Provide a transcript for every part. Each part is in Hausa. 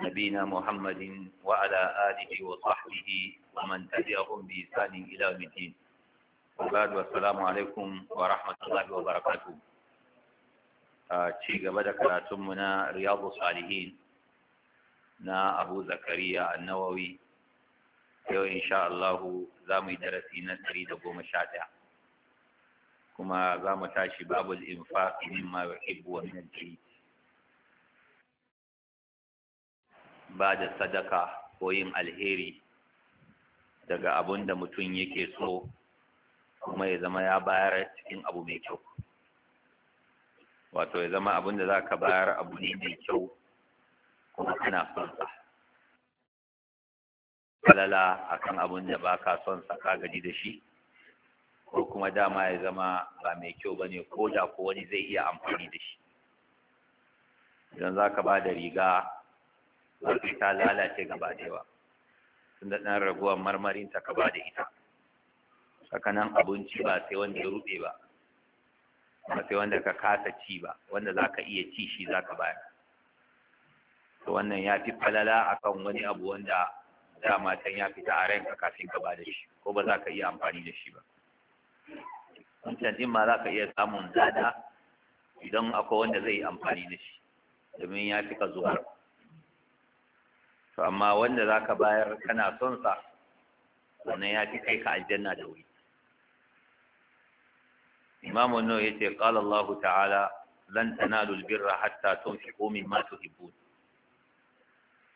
نبينا محمد وعلى آله وصحبه ومن تبعهم بإحسان إلى يوم الدين وبعد والسلام عليكم ورحمة الله وبركاته ci gaba da karatunmu na riyadu salihin na abu zakariya annawawi yau insha Allahu za mu yi darasi na ɗari da goma sha ɗaya kuma za mu tashi babul infaq ba da sadaka ko yin alheri daga abun da mutum yake so kuma ya zama ya bayar cikin abu mai kyau wato ya zama abun da za ka bayar abu ne mai kyau kuma kana son sa a kan abun da ba ka son sa ka gaji da shi ko kuma dama ya zama ba mai kyau ba ne ko da ko wani zai iya amfani da shi idan za ka ba da riga wato ta lalace gaba da yawa tun da ɗan raguwar marmarin ta gaba da ita Tsakanin abinci ba sai wanda ya ruɓe ba ba sai wanda ka kasa ci ba wanda za ka iya ci shi za ka bayar to wannan ya fi falala akan wani abu wanda dama can ya fita a ranka kafin ka ba da shi ko ba za ka iya amfani da shi ba wancan ɗin ma za ka iya samun dada idan akwai wanda zai yi amfani da shi domin ya fi ka zuwa to amma wanda za ka bayar kana son sa wannan ya fi kai ka aljanna da wuri imamu no ya ce ƙalallahu Allah ta'ala lan tanalu albirra hatta tunfiqu mimma tuhibbun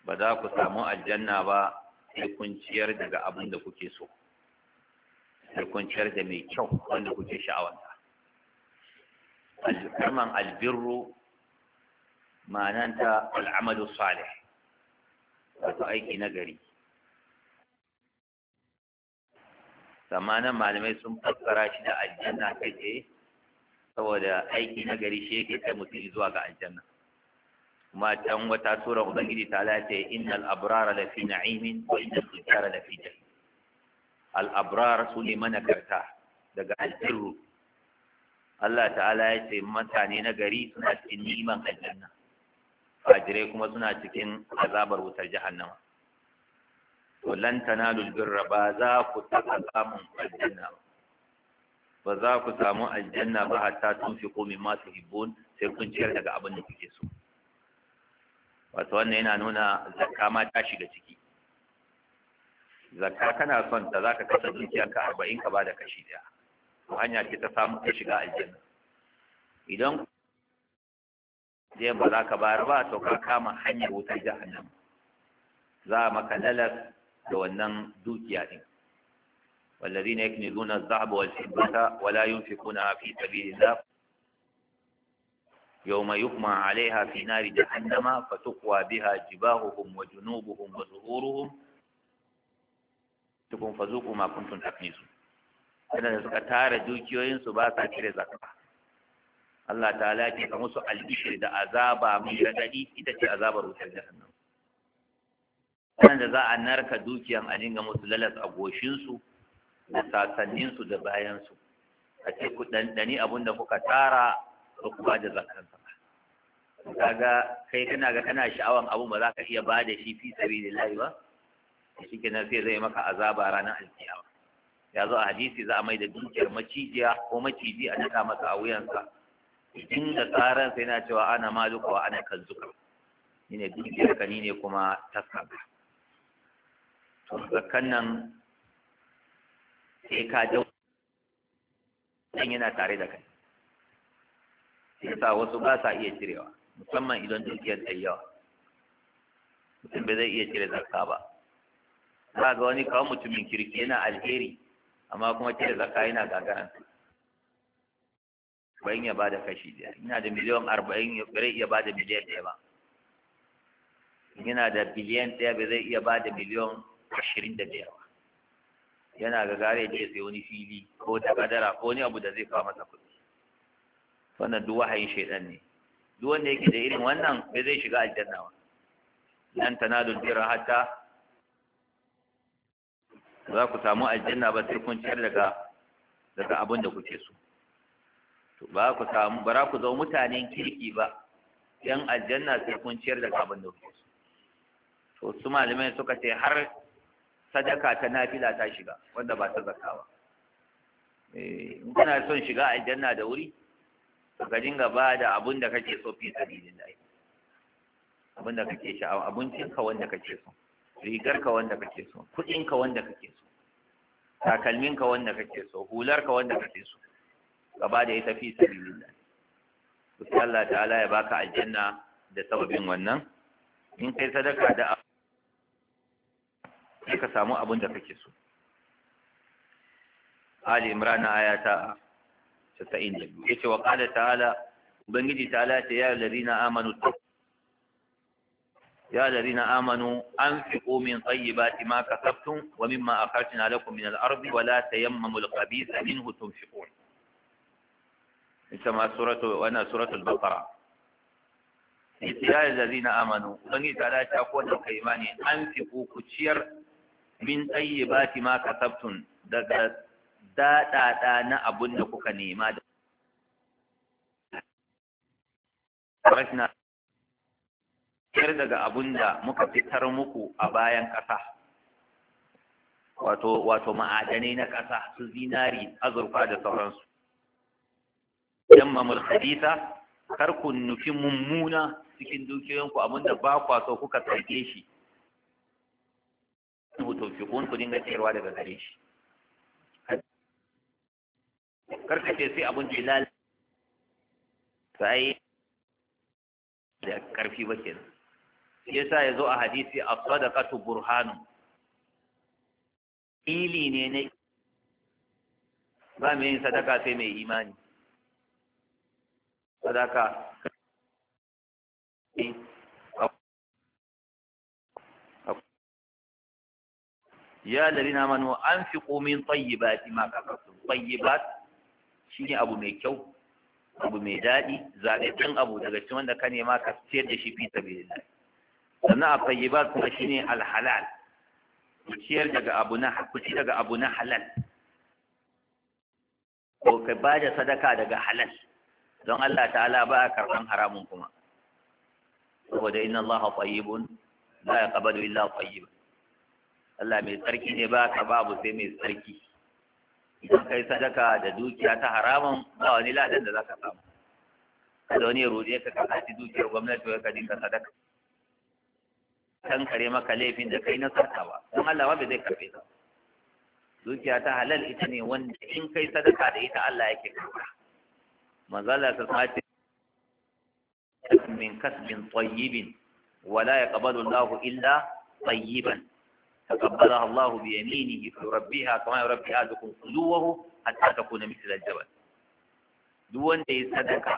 ba za ku samu aljanna ba sai kun ciyar daga abin da kuke so sai kun ciyar da mai kyau wanda kuke sha'awanta kalman albirru ma'ananta Al'amadu salih wato aiki na gari samanin malamai sun fassara shi da aljanna kai tsaye saboda aiki na gari shi yake kai mutum zuwa ga aljanna kuma can wata sura ubangiji ta lace innal abrara da fi na'imin wa innal fujara da fi jahim al abrar su ne karta daga albirru Allah ta'ala ya ce mutane na gari suna cikin neman aljanna fajirai kuma suna cikin azabar wutar jahannama to lan tanalul birra ba za ku taɓa samun aljanna ba za ku samu aljanna ba hatta tunfiqu masu tuhibbun sai kun ciyar daga abin da kuke so wato wannan yana nuna zakka ma ta shiga ciki zakka kana son ta za ka kasa dukiyarka arba'in ka ba da kashi daya to hanya ce ta samu ta shiga aljanna idan ɗayan ba za ka bayar ba to ka kama hanyar wutar jahannan za a maka lalar da wannan dukiya ɗin wallazi na yake nizo na zaɓa wal shibbata wala yin fi kuna fi tabi da za yau yi kuma alaiha fi nari da annama fatukuwa biha jibahuhum wa junubuhum wa zuhuruhum tukun fazuku ma kuntun tafi su suka tara dukiyoyinsu ba sa kire zakka Allah ta'ala ke ka musu albishir da azaba mai radadi ita ce azabar wutar jahannam wannan da za a narka dukiyan a dinga musu lalas a goshinsu da sasanninsu da bayansu a ce ku dandani kuka tara ba ku bada da zakansa kaga kai kana ga kana sha'awan abu ba za ka iya ba da shi fi sabilillahi ba shi kenan sai zai maka azaba ranar alkiyama ya zo a hadisi za a mai da dukiyar macijiya ko maciji a nika masa a wuyansa inda tsaran sai na cewa ana maluka wa ana kanzuka ni ne dukiyar ka ni ne kuma taskaka to zakkan nan sai ka jau dan yana tare da kai yasa wasu ba sa iya cirewa musamman idan dukiyar ta yawa mutum bai zai iya cire zakka ba Ba ga wani kawo mutumin kirki yana alheri amma kuma cire zakka yana gagaransa arba'in ya bada kashi ɗaya ina da miliyan arba'in zai iya bada miliyan ɗaya ba yana da biliyan ɗaya ba zai iya bada miliyan ashirin da biyar ba yana ga gare da ya sai wani fili ko da kadara ko wani abu da zai kawo masa kuɗi wannan duk wahayin shaidan ne duk wanda yake da irin wannan ba zai shiga aljanna ba Nan na tanalu birra hatta za ku samu aljanna ba sai kun ciyar daga daga abin da kuke so to ba ku samu ba ku zo mutanen kirki ba yan aljanna sai kun ciyar da abin da kuke to su malamai suka ce har sadaka ta nafila ta shiga wanda ba ta zakawa eh, in kana son shiga aljanna da wuri ka dinga ba da abin da kake so fi da abin da kake sha'awa ka wanda kake so rigar ka wanda kake so kuɗinka wanda kake so takalminka wanda kake so hular ka wanda kake so ka ba da ita fi sabilillah Allah ta'ala ya baka aljanna da sababin wannan in kai sadaka da sai ka samu abin da kake so Ali Imran aya ta 92 yace wa qala ta'ala ubangiji ta'ala ta ya allazina amanu min الذين آمنوا أنفقوا من طيبات ما كسبتم ومما أخرجنا لكم من الأرض ولا تيمموا الخبيث hutun تنفقون ita ma suratu wannan suratul baqara ya allazina amanu Wani ta da ta ko da kai imani an fi ku kuciyar min tayyibati ma kasabtun daga dadada na abun da kuka nema da rashna kar daga abun da muka fitar muku a bayan kasa wato wato ma'adanai na kasa su zinari azurfa da sauransu jammamul haditha kar ku nufi mummuna cikin dukiyoyinku abinda ba kwa so kuka tsarke shi ku taufiqun ku dinga tsayarwa daga gare shi kar ka ce sai abin jilal sai da karfi ba ke yasa ya zo a hadisi a sadaqatu burhanu ili ne ne ba mai sadaka sai mai imani sadaka ya lalina manu an fi komin tsayyibati ma kakasun tsayyibat shi ne abu mai kyau abu mai daɗi zaɓaɓɓen abu daga cikin wanda ka nema ka ciyar da shi fi sabilillah sannan a tsayyibat kuma shi ne alhalal ku daga abu na hakuci daga abu na halal ko ka ba da sadaka daga halal don Allah ta'ala ba a karɓan haramun kuma saboda inna Allah tayyibun la yaqbalu illa tayyiban Allah mai tsarki ne ba ka babu sai mai tsarki idan kai sadaka da dukiya ta haramun ba wani ladan da zaka samu kada wani ya roje ka ka ci dukiyar gwamnati ka dinka sadaka tankare maka laifin da kai na sarkawa don Allah ma wanda zai karbe ta dukiya ta halal ita ne wanda in kai sadaka da ita Allah yake karba manzala ta sace min kasbin tayyibin wala yaqbalu Allahu illa tayyiban تقبلها الله بيمينه فيربيها كما يربي احدكم خلوه حتى تكون مثل الجبل duk wanda ya sadaka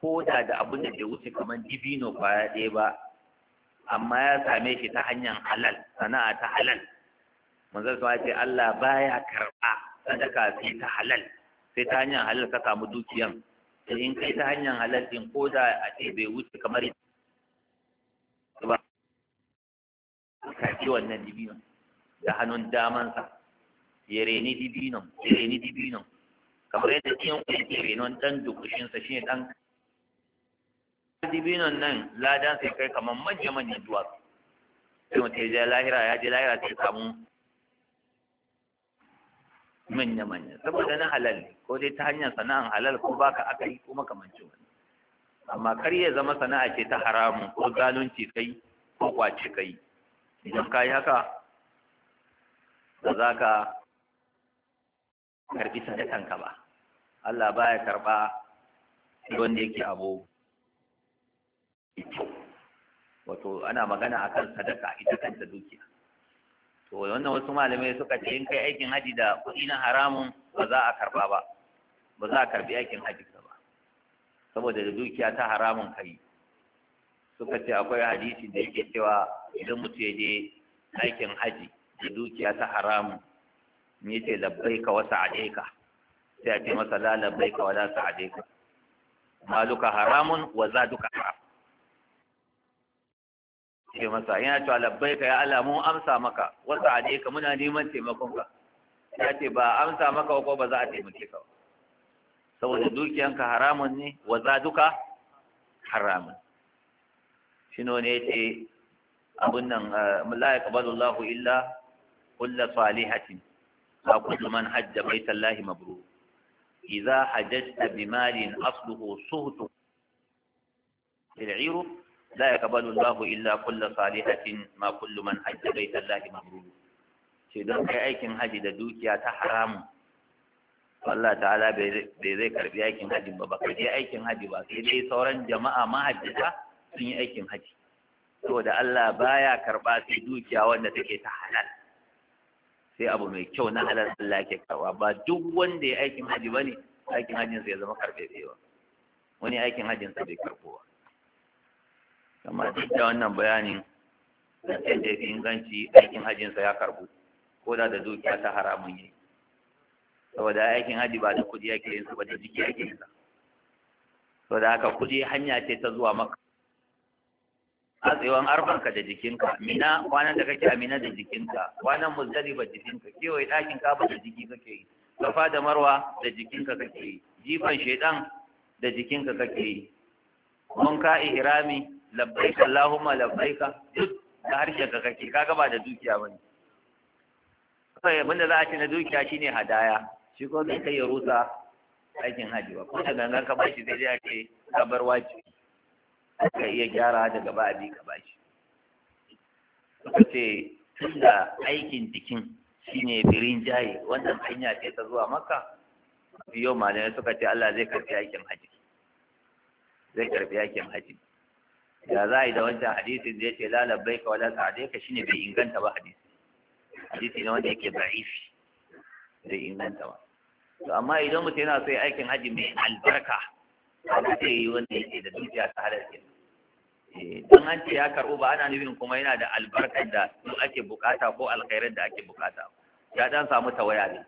ko da da abin da ya wuce kamar dibino kwaya ɗaya ba amma ya same shi ta hanyar halal sana'a ta halal manzon sa ce Allah baya karɓa sadaka sai ta halal sai ta hanyar halal ka samu dukiyan da in kai ta hanyar halartin ko da a ce bai wuce kamar ba ka ci wannan dibinon da hannun damansa ya reni dibinon ya reni dibinon kamar yadda cikin kwanci renon ɗan dukushinsa shi ne ɗan dibinon nan ladan sai kai kamar manya-manyan duwatsu sai mutum ya je lahira ya je lahira sai samu manya-manya saboda na halal ko dai ta hanyar sana'an halal ko baka aka yi ko makamancin wani amma kar ya zama sana'a ce ta haramun ko zalunci kai ko kwace kai idan ka yi haka ba za ka karbi sadakanka ba Allah baya karba wanda yake abu wato ana magana akan sadaka ita kanta dukiya to wannan wasu malamai suka ce in kai aikin haji da kuɗi na haramun ba za a karba ba ba za a karbi aikin haji ba saboda da dukiya ta haramun kai suka ce akwai hadisi da yake cewa idan mutum ya je aikin haji da dukiya ta haramun ni ce "Labbai ka wasa wa ka?" sai a ce masa la labbai ka labbaika wa la sa'adaika maluka haramun wa za duka haramun ke masa yana cewa labbai ka ya Allah mun amsa maka wasu ade ka muna neman taimakon ka ya ce ba amsa maka ko ba za a taimake ka saboda dukiyanka haramun ne wa za duka haramun shi ne ce abin nan eh, la yaqbalu Allahu illa kullu salihatin wa kullu man hajja baitallahi mabrur idza bi bimalin asluhu suhtu aliru la yaqbalu Allahu illa kullu salihatin ma kullu man hajja baita Allah mabrur ce don kai aikin haji da dukiya ta haramu Allah ta'ala bai zai karbi aikin haji ba baka je aikin haji ba sai dai sauran jama'a mahajjata sun yi aikin haji saboda Allah baya karba sai dukiya wanda take ta halal sai abu mai kyau na halal Allah ke karba ba duk wanda ya aikin haji bane aikin hajin sai ya zama karbe ba wani aikin hajin sa bai karbo ba amma duk da wannan bayanin da da fi inganci aikin hajjinsa ya karbu ko da da dukiya ta haramun yi saboda aikin haji ba da kuɗi yake yin su ba da jiki yake yin sa saboda haka kuɗi hanya ce ta zuwa maka atsewan arfanka da jikinka mina kwanan da kake amina da jikinka kwanan ba jikinka kewaye ɗakin kaba da jiki kake yi safa da marwa da jikinka kake yi jifan shaidan da jikinka kake yi Mun kai ihrami labbaika Allahumma labbaika duk da harshen ka kake kaga ba da dukiya bane sai mun da za'a a na dukiya shine hadaya shi ko zai kai ya rusa aikin haji ba ko da gangan ka bashi sai dai ake kabar wajibi ka iya gyara da gaba a bi ka bashi suka ce tunda aikin jikin shine birin jaye wannan hanya ce ta zuwa maka biyo malamai suka ce Allah zai karbi aikin haji zai karbi aikin haji ya za a yi da wancan hadisin da ya ce lalabai ka wala sa'adai ka ne bai inganta ba hadisi hadisi ne wanda yake ba'ifi bai inganta ba to amma idan mutum yana so ya aikin haji mai albarka ba zai yi wanda yake da dukiya ta halarci eh, don an ce ya karɓo ba ana nufin kuma yana da albarkar da su ake bukata ko alkhairar da ake bukata ya dan samu tawaya ne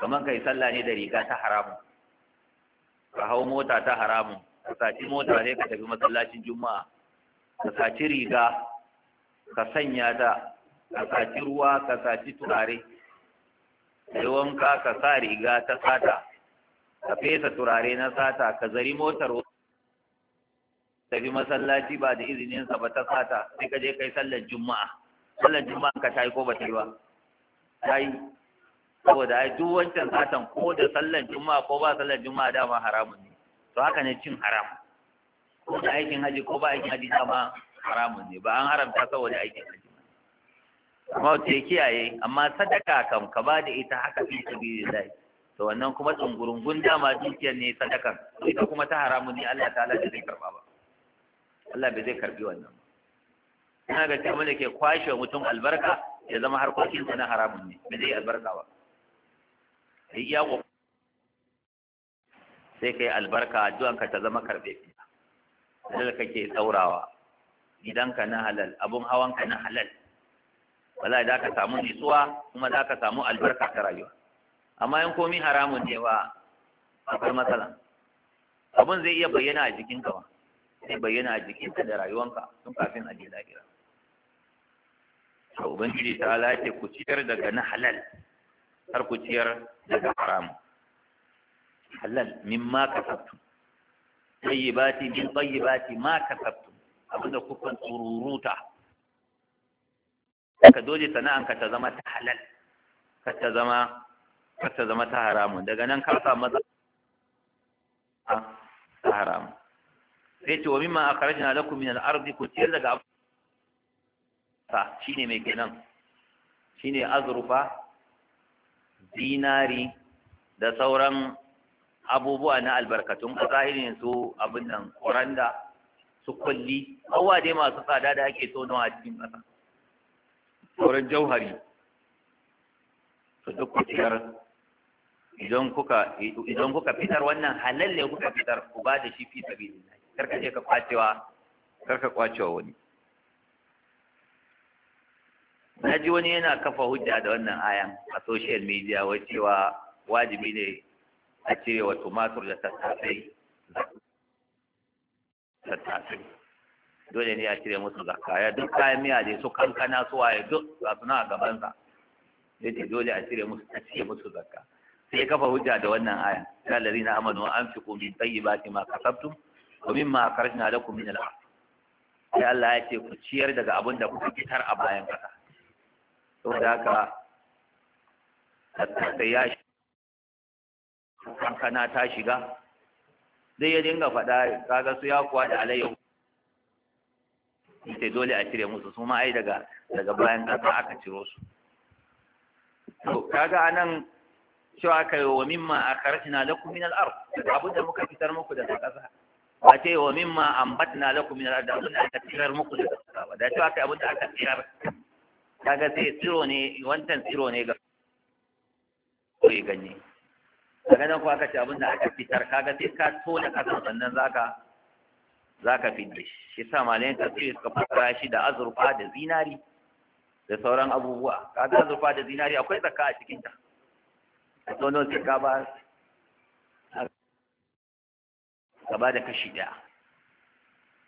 kamar kai sallah ne da riga ta haramu ka hau mota ta haramu ka saci mota sai ka tafi masallacin juma'a ka saci riga ka sanya ta ka saci ruwa ka saci turare Sai wanka ka sa riga ta sata ka fesa turare na sata ka zari motar tafi masallaci ba da izinin sa ba ta sata sai ka je kai sallar juma'a sallar juma'a ka tayi ko ba ta yi ba ta yi saboda ai duk wancan satan ko da sallar juma'a ko ba sallar juma'a dama haramun ne to haka ne cin haram ko da aikin haji ko ba aikin haji dama haramun ne ba an haramta saboda aikin haji amma ta kiyaye amma sadaka kam ka ba da ita haka fi zai. to wannan kuma tsungurungun dama dukiyar ne sadakan ita kuma ta haramun ne Allah ta da zai karba ba Allah bai zai karbi wannan ba ina ga cewa da ke kwashe mutum albarka ya zama harkokin na haramun ne bai zai albarka ba sai iya sai kai albarka addu'anka ta zama karbe halal kake tsaurawa gidanka na halal abun hawanka na halal wala da ka samu nutsuwa kuma za ka samu albarka ta rayuwa amma yan komi haramun ne ba akwai matsala abun zai iya bayyana a jikinka ba zai bayyana a ka da rayuwanka tun kafin a je lahira to ubangiji ta ala ce ku ciyar daga na halal har ku ciyar daga haramun halal mimma kasabtum tayyibati min tayyibati ma kasabtum abinda kuka tsururuta ka dole sana'an ka ta zama ta halal ka ta zama ka ta zama ta haramun daga nan ka sa maza ta haramun sai ce wa mimma akhrajna lakum min al-ardi ku ciyar daga ta shine mai kenan shine azrufa dinari da sauran abubuwa na albarkatun ƙasa irin su abin nan ƙoranda su kulli kowa dai masu tsada da ake nawa a cikin ƙasa sauran jauhari su duk kuciyar idan kuka idan kuka fitar wannan halal ne kuka fitar ku ba da shi fi sabilillah kar Karka je ka kwacewa karka kwacewa wani na ji wani yana kafa hujja da wannan ayan a social media wai cewa wajibi ne a cire wa tumatur da tattasai tattasai dole ne a cire musu zakka ya duk kayan miya ne su kankana su waye duk za su nan a gabansa ya ce dole a cire musu a cire musu zakka sai kafa hujja da wannan aya ya lari na amanu an fi kumi tsayi ba ma kasabtum wa min ma karshina da kumi na sai Allah ya ce ku ciyar daga abin da kuka fitar a bayan kasa saboda haka tattasai ya shi kankana ta shiga zai ya dinga faɗa kaga su ya kuwa da alayyau sai dole a cire musu su ma ai daga daga bayan ƙasa aka ciro su to kaga anan cewa yi wa mimma akharajna lakum min al ar abu da muka fitar muku da ƙasa a ce wa mimma ambatna lakum min al-ard abin da aka tirar muku da ƙasa ba da cewa kai abu da aka tirar kaga sai tsiro ne wancan tsiro ne ga ganye daga nan ko aka ce abin da aka fitar kaga sai ka tona kasan sannan zaka zaka fidda shi shi sa ka tafsiri suka fara shi da azurfa da zinari da sauran abubuwa kaga azurfa da zinari akwai tsaka a cikin ta tono sai ka ba ka ba da kashi daya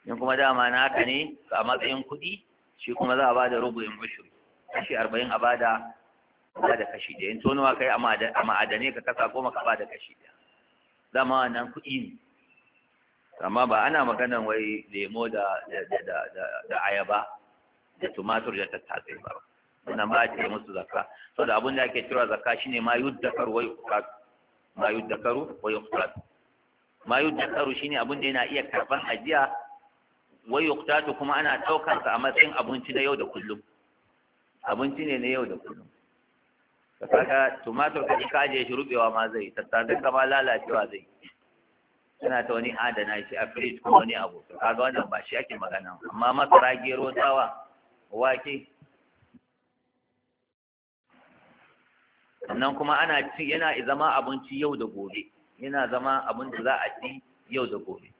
in kuma dama naka ne a matsayin kuɗi shi kuma za a ba da in mashi kashi arba'in a ba da ba da kashi ɗaya in tonuwa kai a ma'adane ka kasa goma ka ba da kashi ɗaya zama nan kuɗi ne amma ba ana maganan wai lemo da ayaba da tumatur da tattasai ba wannan ba a ce musu zakka so da abin da ake cewa zakka shine ma yuddakaru wa yuqrat ma yuddakaru wa yuqrat ma yuddakaru shine abin da yana iya karban ajiya wai yuqtatu kuma ana daukar sa a matsayin abinci na yau da kullum abinci ne na yau da kullum kaga tumatur ka ka je shi rubewa ma zai tattarin ka ma lalacewa zai yana ta wani adana shi a fridge ko wani abu kaga wannan ba shi ake magana amma masara gero tsawa wake sannan kuma ana ci yana zama abinci yau da gobe yana zama abin da za a ci yau da gobe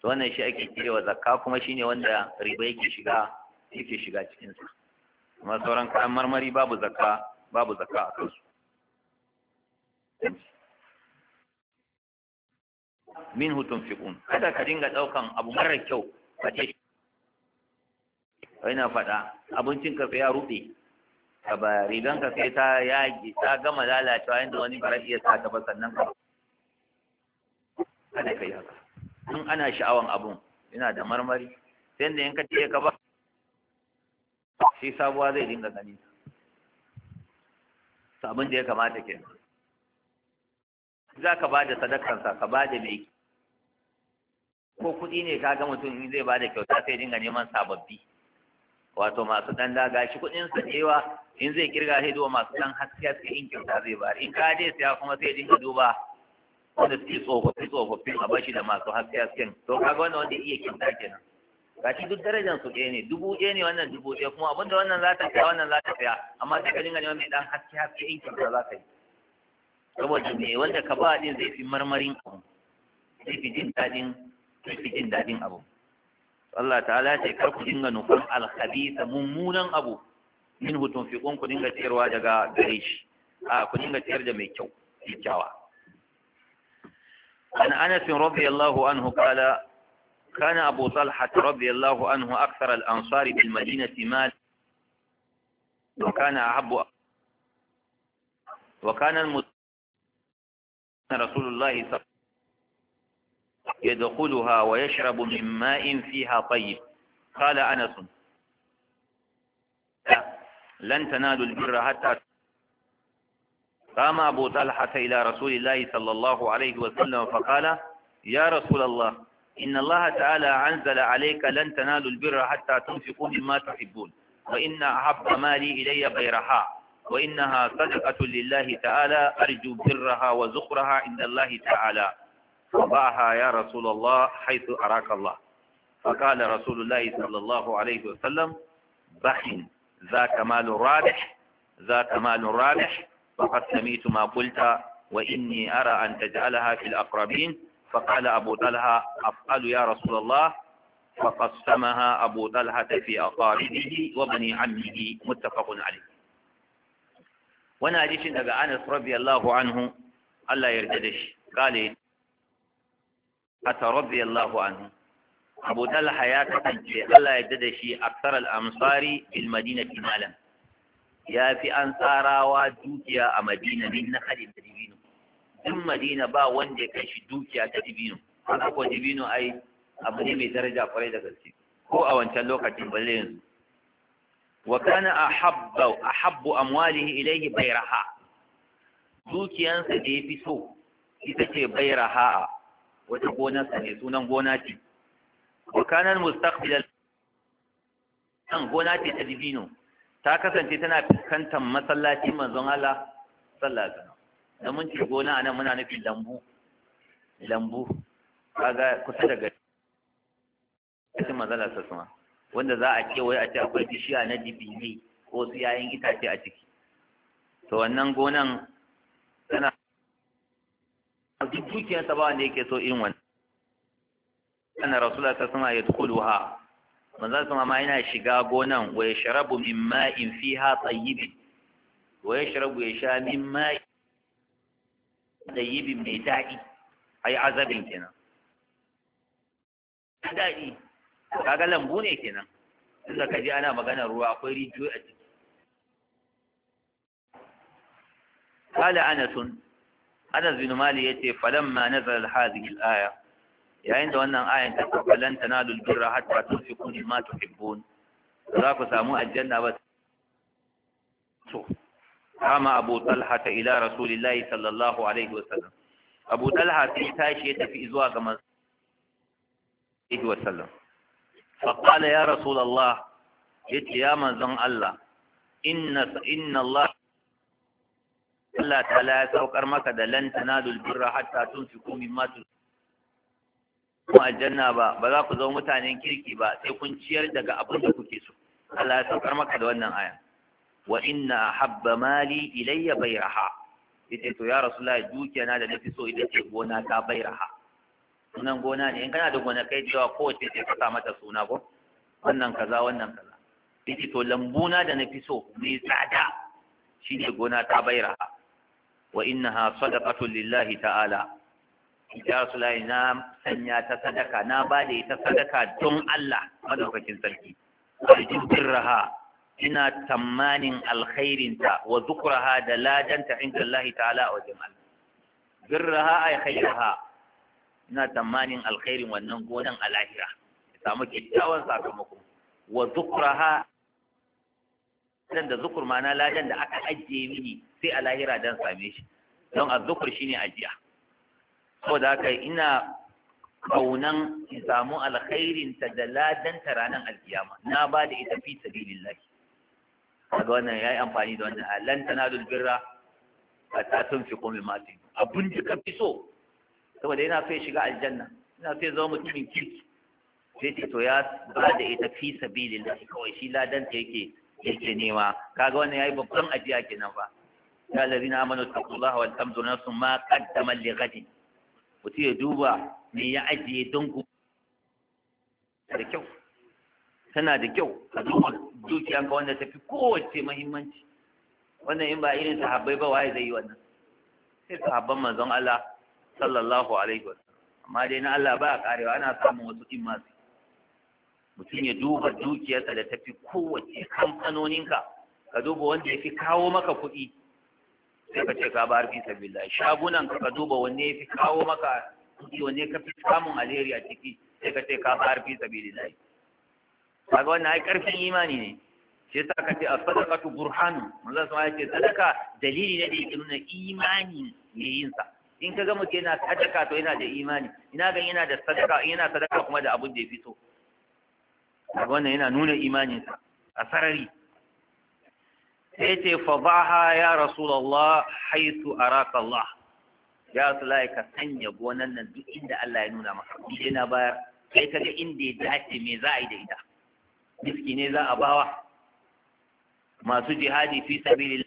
to wannan shi ake cirewa zakka kuma shine wanda riba yake shiga yake shiga cikin sa kuma sauran kayan marmari babu zakka babu zakka a kansu min hutun fiƙun kada ka dinga ɗaukan abu mara kyau ka ce na faɗa abincin ka ya ruɓe ka ba rigan ka sai ta yage ta gama lalacewa yadda wani ba iya sa ta ba sannan ka kada ka yi haka in ana sha'awan abun yana da marmari sai da yanka ce ka ba shi sabuwa zai dinga ganin ta to da ya kamata ke za ka ba da sadakansa ka ba da mai ko kuɗi ne ka ga mutum in zai ba da kyauta sai dinga neman sababbi wato masu ɗan daga shi kuɗin sa yawa in zai kirga sai duba masu ɗan haske in kyauta zai ba in ka dai siya kuma sai dinga duba wanda suke tsofaffi tsofaffin a bashi da masu haske hasken to kaga wanda wanda iya kyauta kenan gashi duk darajar su ɗaya ne dubu ɗaya ne wannan dubu ɗaya kuma abinda wannan za ta saya wannan za ta saya amma sai ka dinga neman mai ɗan haske haske in kyauta za ka yi saboda me wanda ka ba din zai fi marmarin abu zai fi jin daɗin zai fi jin daɗin abu Allah ta'ala ce kar ku dinga nufan alkhabisa mummunan abu min hutun fi ku dinga tsayarwa daga gare shi a ku dinga tsayar da mai kyau kyakkyawa an anas radiyallahu anhu Kala. كان أبو طلحة رضي الله عنه أكثر الأنصار بالمدينة مال وكان أحب وكان المت... رسول الله صلى الله عليه وسلم يدخلها ويشرب من ماء فيها طيب قال أنس لن تنالوا البر حتى قام أبو طلحة إلى رسول الله صلى الله عليه وسلم فقال يا رسول الله إن الله تعالى أنزل عليك لن تنالوا البر حتى تنفقوا مما تحبون وإن أحب مالي إلي غيرها وإنها صدقة لله تعالى أرجو برها وزخرها عند الله تعالى فضعها يا رسول الله حيث أراك الله فقال رسول الله صلى الله عليه وسلم بحن ذاك مال رابح ذاك مال رابح فقد سميت ما قلت وإني أرى أن تجعلها في الأقربين فقال أبو طلحة أفعل يا رسول الله فقسمها أبو طلحة في أقاربه وبني عمه متفق عليه وانا حديث daga Anas radiyallahu anhu Allah yarda da shi kale ata radiyallahu anhu Abu ya kasance Allah yarda da shi aksar al-amsari bil madinati malam ya fi an tsarawa dukiya a Madina da in madina ba wanda ya kashi dukiya ta dibino an ko dibino ai abu ne mai daraja kwarai da gaske ko a wancan lokacin balle yanzu wa kana ahabbu ahabbu amwalihi ilayhi bayraha sa da ya fi so ita ce bayraha wata gonarsa ne sunan gona ce wa kana mustaqbil nan gona ce ta dibino ta kasance tana fuskantar masallacin manzon Allah sallallahu alaihi da mun ce gona a nan muna nufin lambu lambu kaga kusa da gari cikin mazala sa wanda za a kewaye a ce akwai bishiya na dibini ko su yayin itace a ciki to wannan gonan tana duk dukiyar sa ba wanda yake so irin wannan anna rasulullah sallallahu ya tukulu ha. manzon sama ma yana shiga gonan wa sharabu min ma'in ha tsayibi wa sharabu ya sha min ma'in tsayibin mai daɗi a yi azabin kenan mai daɗi ga lambu ne kenan tunda ka ji ana magana ruwa akwai rijiyo a ciki kala anasun anas bin mali ya ce falon ma nazar alhazihi al'aya yayin da wannan ayan ta ce ta na lulbirra hatta tun fi kuni ma ta hibbun za ku samu aljanna ba to kama abu talha ta ila rasulillahi sallallahu alaihi wasallam abu talha sai tashi ya tafi zuwa ga manzo alaihi wasallam فقال يا رسول الله قلت يا من الله إن إن الله Allah ta'ala ya saukar maka da lan tanalul birra hatta tunfiqu mimma kuma ba ba za ku zama mutanen kirki ba sai kun ciyar daga abin da kuke so Allah ya saukar maka da wannan aya wa inna habba mali ilayya bai raha. to ya rasulullahi dukiya na da nafi so ita ce gona ta bayraha sunan gona ne in kana da gona kai cewa kowace ce ka sa mata suna ko wannan kaza wannan kaza yace lambuna da nafi so mai tsada gona ta bayraha wa lillahi ta'ala ya rasulullahi na sanya ta sadaka na bada ita sadaka don Allah madaukakin sarki ajin raha ina tamanin alkhairinta wa zukraha da ladanta inda Allah ta'ala wa jamal birraha ay khairaha ina tamanin alkhairin wannan gonan a lahira samu kyakkyawan sakamako wa zukraha dan da zukur ma ladan da aka ajiye mini sai a lahira dan same shi don shi ne ajiya saboda haka ina kaunan in samu alkhairinta da ladanta ranar alkiyama na ba da ita fi sabilillahi kaga wannan yi amfani da wannan ah, lan tanalul birra hatta tunfiqu mimma tuhibbu abun da ka fi so saboda yana fai shiga aljanna yana fai zama mutumin kirki sai ce to ya ba da ita fi sabilillah kawai shi ladan ta yake yake nema kaga wannan yayi babban ajiya kenan ba. ya allazina amanu taqullaha wal tamdur nafsum ma qaddamat li ghadin mutum ya duba me ya ajiye don ku? tana da kyau ka duba dukiyanka wanda ta fi kowace muhimmanci wannan in ba irin sahabbai ba waye zai yi wannan sai sahabban manzon Allah sallallahu alaihi wasallam amma dai na Allah ba a karewa ana samun wasu in masu mutum ya duba dukiyarsa da ta fi kowace kamfanoninka ka duba wanda ya fi kawo maka kuɗi sai ka ce ka bar fi sabila shagunan ka ka duba wanne ya fi kawo maka kuɗi wanne ka fi samun alheri a ciki sai ka ce ka bar fi sabila kaga wannan ai karfin imani ne shi yasa kace as burhanu manzo sama yace sadaka dalili ne da yake nuna imani ne yin sa in kaga mutum yana sadaka to yana da imani ina ga yana da sadaka yana sadaka kuma da abun da ya fito kaga wannan yana nuna imanin sa a sarari sai ce fadaha ya rasulullah haythu araka Allah ya rasulai ka sanya gonan nan duk inda Allah ya nuna maka ina bayar sai kaga inda ya dace me za a yi da ita miski ne za a bawa masu jihadi fi sabilillahi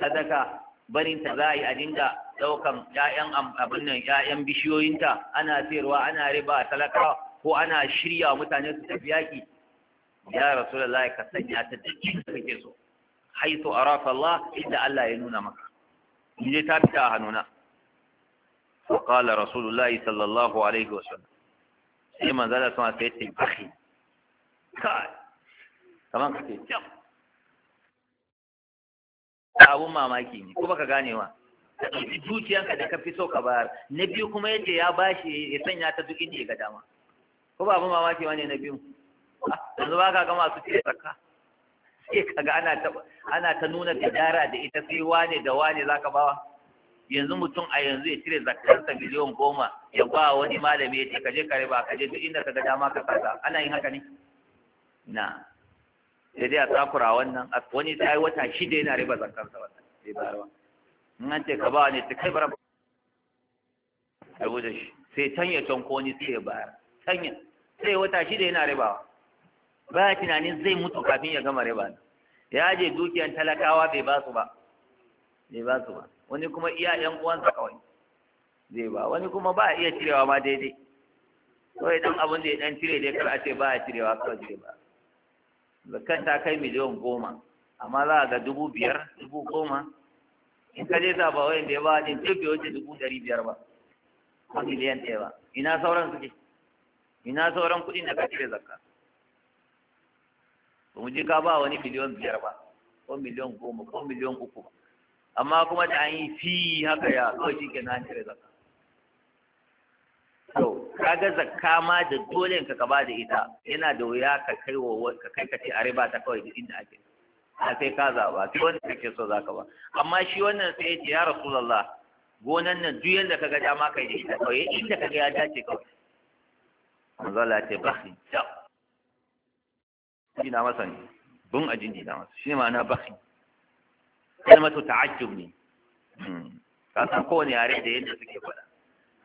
sadaka barinta za a yi a dinga ɗaukan ‘ya'yan abin nan ‘ya'yan bishiyoyinta ana sayarwa ana riba talaka ko ana shirya mutane su tafi yaƙi ya rasu da lai ka sanya ta dukkan da kake so haitu a rafa Allah inda Allah ya nuna maka in ta fita a hannuna فقال رسول الله صلى الله عليه sai manzala sama sai ce akhi kai kaman ka ce jam abun mamaki ne ko baka gane ka ɗauki dukiyanka da ka fi so ka bayar na biyu kuma yace ya bashi ya sanya ta duk inda ya ga dama ko ba abin mamaki wane na biyu ah, yanzu ba ka ga masu ce tsaka sai ka ga ana ta nuna tijara da ita sai wane da wane za ka bawa yanzu mutum a yanzu ya cire zakarsa miliyon goma ya ba wani malami ya ce ka je ka riba ka je duk inda ka ga dama ka kasa ana yin haka ne na sai dai a takura wannan wani ta yi wata shida yana riba zakarsa wannan ba bayarwa in an ce ka ba ne ta kai bara rabu da shi sai tanya can ko wani sai ya bayar sai wata shida yana ribawa ya tunanin zai mutu kafin ya gama riba ya je dukiyan talakawa bai ba su ba bai ba su ba wani kuma iya yan uwansa kawai zai ba wani kuma ba iya cirewa ma daidai kawai dan abin da ya dan cire dai kar a ce ba ya cirewa kawai zai ba kan ta kai miliyan goma amma za a ga dubu biyar dubu goma in ka je ba wayan da ya ba din duk bai ce dubu dari biyar ba a miliyan ɗaya ba ina sauran suke ina sauran kuɗin da ka cire zakka ba mu je ka ba wani miliyan biyar ba ko miliyan goma ko miliyan uku ba amma kuma da an yi fi haka ya kawai shi ke na cire zakka to kaga zakka ma da dole ka gaba da ita yana da wuya ka kai wa ka kai ka ce a riba ta kawai duk inda ake a sai ka zaba to wanda kake so zaka ba amma shi wannan sai ya ce ya rasulullah gonan nan duk yanda kaga dama kai da ita kawai inda kaga ya dace kawai manzo Allah ya ce bakhi ina masa ne bun ajin dina masa shi ne na bakhi kalmatu ta'ajjub ne hmm. ka san kowane yare da yadda suke faɗa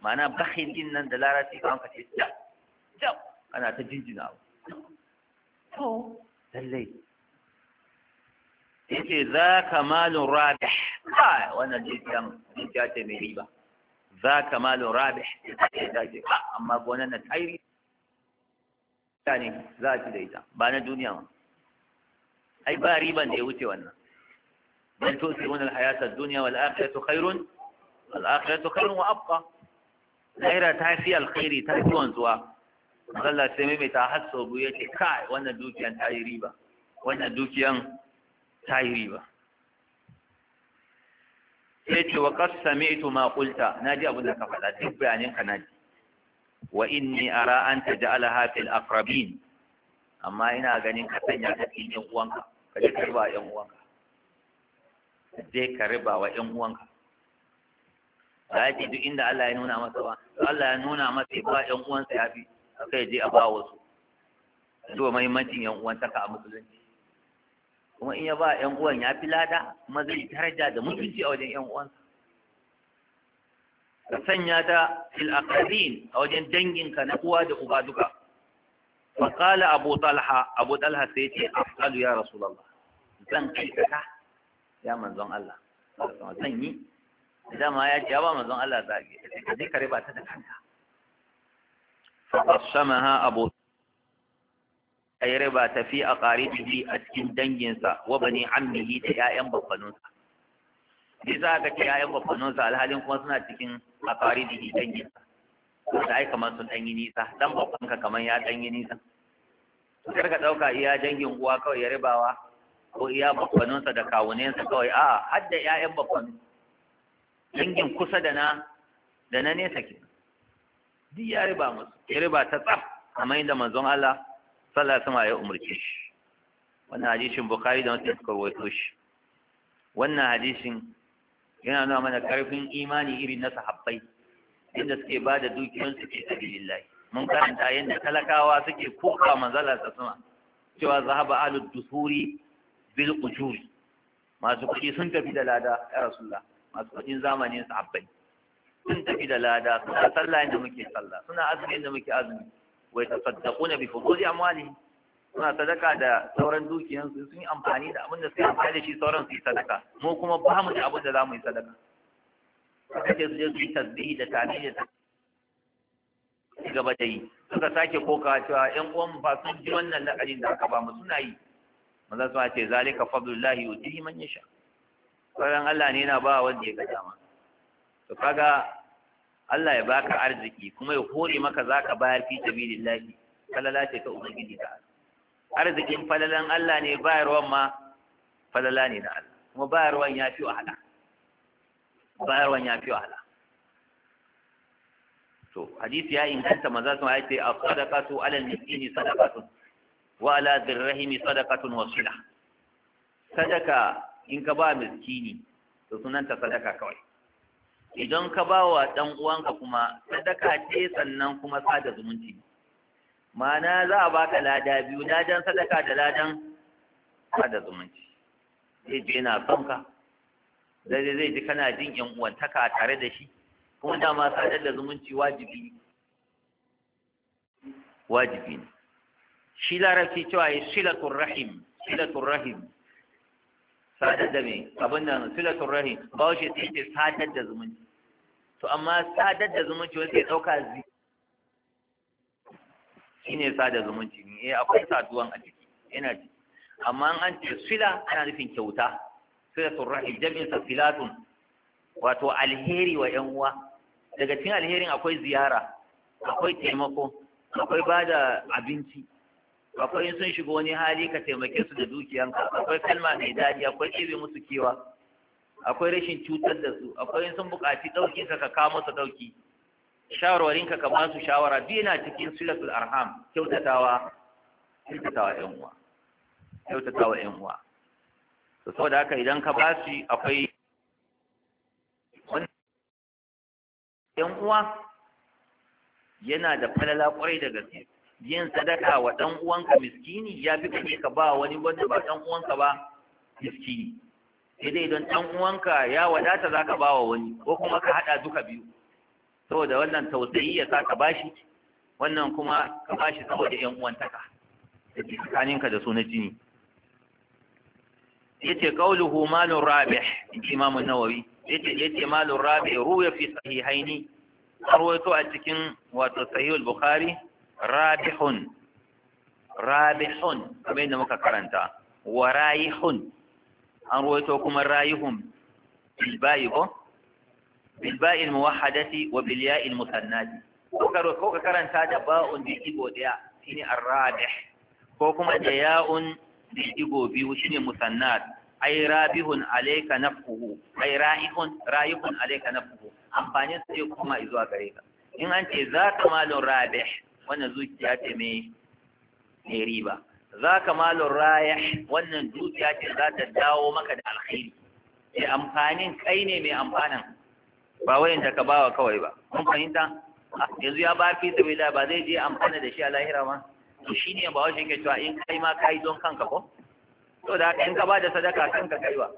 ma'ana bakhil din nan da larabci ba an kace jab jab ana ta jinjina to lallai yace za ka malun rabih kai wannan jijiyan jijiya ce mai riba za ka malun rabih ba amma gonan na tairi ne za a ci da ita ba na duniya ma ai ba riban da ya wuce wannan بل تؤثرون الحياة الدنيا والآخرة خير والآخرة خير وأبقى lahira ta fi alkhairi ta fi wanzuwa Allah sai mai ta hasso bu yace kai wannan dukiyan ta yi riba wannan dukiyan ta yi riba sai ce wa qad sami'tu ma qulta naji abin da ka faɗa duk bayanin ka naji wa inni ara an taj'alaha amma ina ganin ka sanya ta cikin uwanka karba uwanka je ka riba wa ƴan uwanka ka yi duk inda Allah ya nuna masa ba Allah ya nuna masa ya ba ƴan uwansa ya fi kai je a ba wasu zuwa mahimmancin ƴan uwantaka a musulunci kuma in ya ba ƴan uwan ya fi lada kuma zai daraja da mutunci a wajen ƴan uwansa ka sanya ta fil aqrabin a wajen danginka na uwa da uba duka fa qala abu talha abu talha sai ya ce afdalu ya rasulullah zan kai ka ya manzon Allah zan yi ma ya ce ba manzon Allah zage ka je ka riba ta da kanka fa qasamaha abu ay riba ta fi aqaribihi a cikin danginsa wa bani ammihi da ƴaƴan babbanunsa ka ga ce ƴaƴan babbanunsa alhalin kuma suna cikin aqaribihi danginsa da ai kamar sun ɗan yi nisa dan ka kamar ya ɗan yi nisa kar ka ɗauka iya dangin uwa kawai ya ribawa ko iya bakwanonsa da kawuninsa kawai a hadda ya'yan bakwanin dangin kusa da na da na nesa ke di ya riba musu ya riba ta tsaf kamar da manzon Allah sallallahu alaihi ya umurce shi wannan hadisin bukari da muslim suka rawaito shi wannan hadisin yana nuna mana karfin imani irin na sahabbai inda suke ba da su ke sabilillahi mun karanta yadda talakawa suke kuka manzala ta sama cewa zahaba ahlud dusuri bil ujuri masu kuɗi sun tafi da lada ya rasulullah masu kuɗin zamanin sahabbai sun tafi da lada suna sallah inda muke sallah suna azumi inda muke azumi wai tasaddaquna bi amma ne? suna sadaka da sauran dukiyansu sun yi amfani da abin da suke amfani da shi sauran su yi sadaka mu kuma ba mu da abin da za mu yi sadaka suka ce su je su yi tasbihi da tani da gaba da yi suka sake kokawa cewa ƴan uwan ba sun ji wannan lakarin da aka ba mu suna yi manzo sun ce zalika fadlullahi yutihi man yasha sauran Allah ne yana ba wanda ya ga dama to kaga Allah ya baka arziki kuma ya hore maka zaka bayar fi sabilillahi falala ce ta ubangiji ta arzikin falalan Allah ne bayarwan ma falala ne na Allah kuma bayarwan ya fi wahala bayarwan ya fi wahala to hadisi ya inganta maza sun ce a sadaqatu alal miskini sadaqatun wa ala dirrahimi sadaqatun wasila sadaka in ka ba miskini to sunanta sadaka kawai idan ka ba wa ɗan uwanka kuma sadaka ce sannan kuma sada zumunci ma'ana za a baka lada biyu ladan sadaka da ladan sada zumunci zai je na son ka zai zai ji kana jin yan uwantaka tare da shi kuma dama sadar da zumunci wajibi wajibi ne shi ki cewa ya silatun rahim silatun rahim sadar da mai abin da silatun rahim ba shi sai ce sadar da zumunci to amma sadar da zumunci wani sai ɗauka zi shi ne sadar zumunci ne eh akwai saduwan a ciki yana ciki amma an ce sila ana nufin kyauta silatun rahim jami'in sa silatun wato alheri wa ƴan uwa daga cikin alherin akwai ziyara akwai taimako akwai bada abinci akwai in sun shiga wani hali ka taimake su da dukiyanka akwai kalma mai daɗi akwai ɗebe musu kewa akwai rashin cutar da su akwai in sun buƙaci ɗauki ka ka kawo musu ɗauki shawarwarin ka ka su shawara duk yana cikin silatul arham kyautatawa kyautatawa ƴan uwa kyautatawa ƴan uwa to saboda haka idan ka ba su akwai ƴan uwa yana da falala ƙwarai da gaske yin sadaka wa ɗan uwanka miskini ya fi kake ka ba wani wanda ba ɗan uwanka ba miskini sai dai don ɗan uwanka ya wadata za ka ba wa wani ko kuma ka haɗa duka biyu saboda wannan tausayi ya sa ka bashi wannan kuma ka bashi saboda ƴan uwantaka da ke tsakaninka da su na jini yace qawluhu malun rabih imam an-nawawi yace yace malun rabih ruwa fi sahihaini arwaito a cikin wato sahih al-bukhari rabihun rabihun kamar yadda muka karanta wa rayihun an ruwaito kuma rayihun bilba'i ko bilba'i muwahhadati wa bilya'i musannati ko ka karanta da ba'un da igo daya shine arrabih ko kuma da ya'un da igo biyu shine musannat ai rabihun alayka nafhu ai ra'ihun ra'ihun alayka nafuhu, amfani sai kuma izuwa gare ka in an ce za zaka malun rabih wannan zuciya ce mai mai riba za ka malon raya wannan zuciya ce za ta dawo maka da alkhairi mai amfanin kai ne mai amfanin ba wayan da ka bawa kawai ba mun fahimta yanzu ya ba fi sabila ba zai je amfana da shi a lahira ma to ne ba wajen shi ke cewa in kai ma kai don kanka ko to da in ka ba da sadaka kanka kaiwa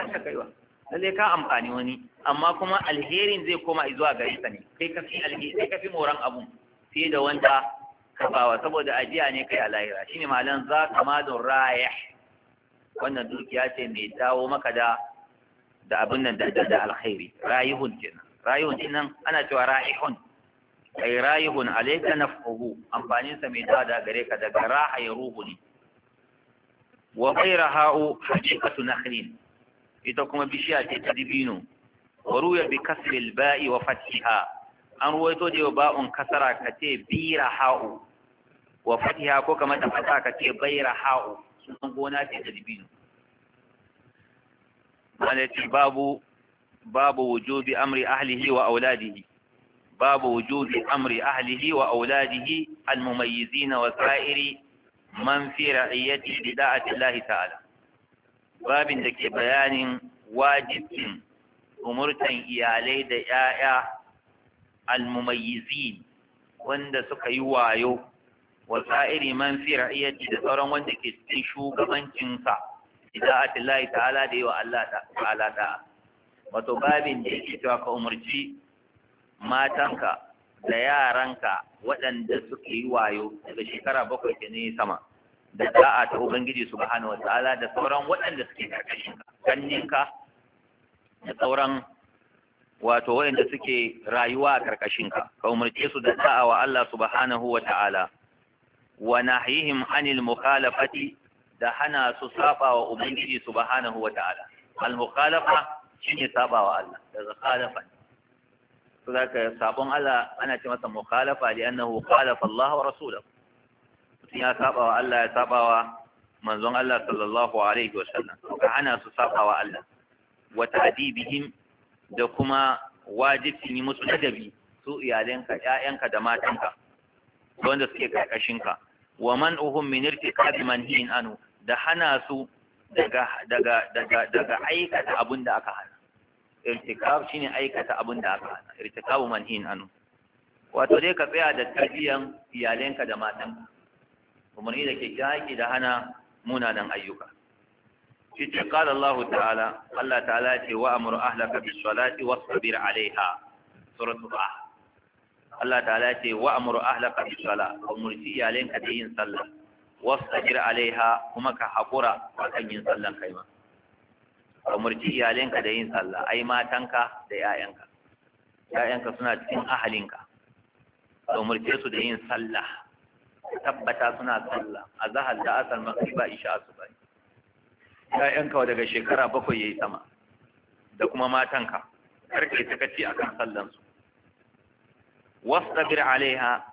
kanka kaiwa lalle ka amfani wani amma kuma alherin zai koma zuwa gari ka ne kai ka fi alheri kai ka fi moran abun fiye da wanda kafawa saboda ajiya ne kai a lahira shine malan za ka madun rayih wannan dukiya ce mai dawo maka da da abin nan da da alkhairi rayihun kenan rayihun dinnan ana cewa rayihun ay rayihun alayka naf'uhu amfanin sa mai dawo da gare ka daga rahay ruhu ne wa ghayra ha'u haqiqatu nakhlin ita kuma bishiya ce ta dibino wa ruya bi kasri al-ba'i wa fathiha an ruwaito da ba'un kasara ka ce bira ha'u wa fatiha ko kamar da fasa ka ce baira ha'u sunan gona ce da dibino ce babu babu wujubi amri ahlihi wa auladihi babu wujubi amri ahlihi wa auladihi almumayyizina wa sa'iri man fi ra'iyati bi da'ati Allah ta'ala babin da ke bayanin wajibin umurtan iyalai da 'ya'ya almumayyizin wanda suka yi wayo wa sa'iri man fi ra'iyati da sauran wanda ke cikin shugabancinsa ida'ati Allah ta'ala da yawa Allah ta'ala da wato babin da yake cewa ka umarci matanka da yaranka waɗanda suka yi wayo daga shekara bakwai ke ne sama da ta'a ta Ubangiji hana wa ta'ala da sauran waɗanda suke karkashin kanninka da sauran wato wayanda suke rayuwa a karkashin ka ka umarce su da sa'a wa Allah subhanahu wa ta'ala wa nahyihim anil mukhalafati da hana su saba wa ubangiji subhanahu wa ta'ala al mukhalafa shine saba wa Allah da to zaka sabon Allah ana ce masa mukhalafa li'annahu khalafa Allah wa rasulahu ya saba wa Allah ya saba wa manzon Allah sallallahu alaihi wa sallam ka hana su saba wa Allah wa ta'dibihim da kuma wajibi yi musu ladabi su iyalanka ƴaƴanka da matanka wanda suke karkashinka wa man uhum min man hin anu da hana su daga daga daga daga aikata abin da aka hana irtiqab shine aikata abin da aka hana man hin anu wato dai ka tsaya da tarbiyan iyalanka da matanka umarni da ke kyakkyawan da hana munanan ayyuka yace qala Allah ta'ala Allah ta'ala ce wa amru ahlaka bis salati wasbir alaiha suratul ah Allah ta'ala ce wa amru ahlaka bis sala umurti iyalinka da yin sallah wasbir alaiha kuma ka hakura akan yin sallan kai ma umurti iyalinka da yin sallah ai matanka da yayanka yayanka suna cikin ahalinka umurce su da yin sallah tabbata suna sallah a azhar da asal magriba isha bai. ƴaƴanka daga shekara bakwai yayi sama da kuma matanka kar kai a kan sallansu. Wasu wasbir alaiha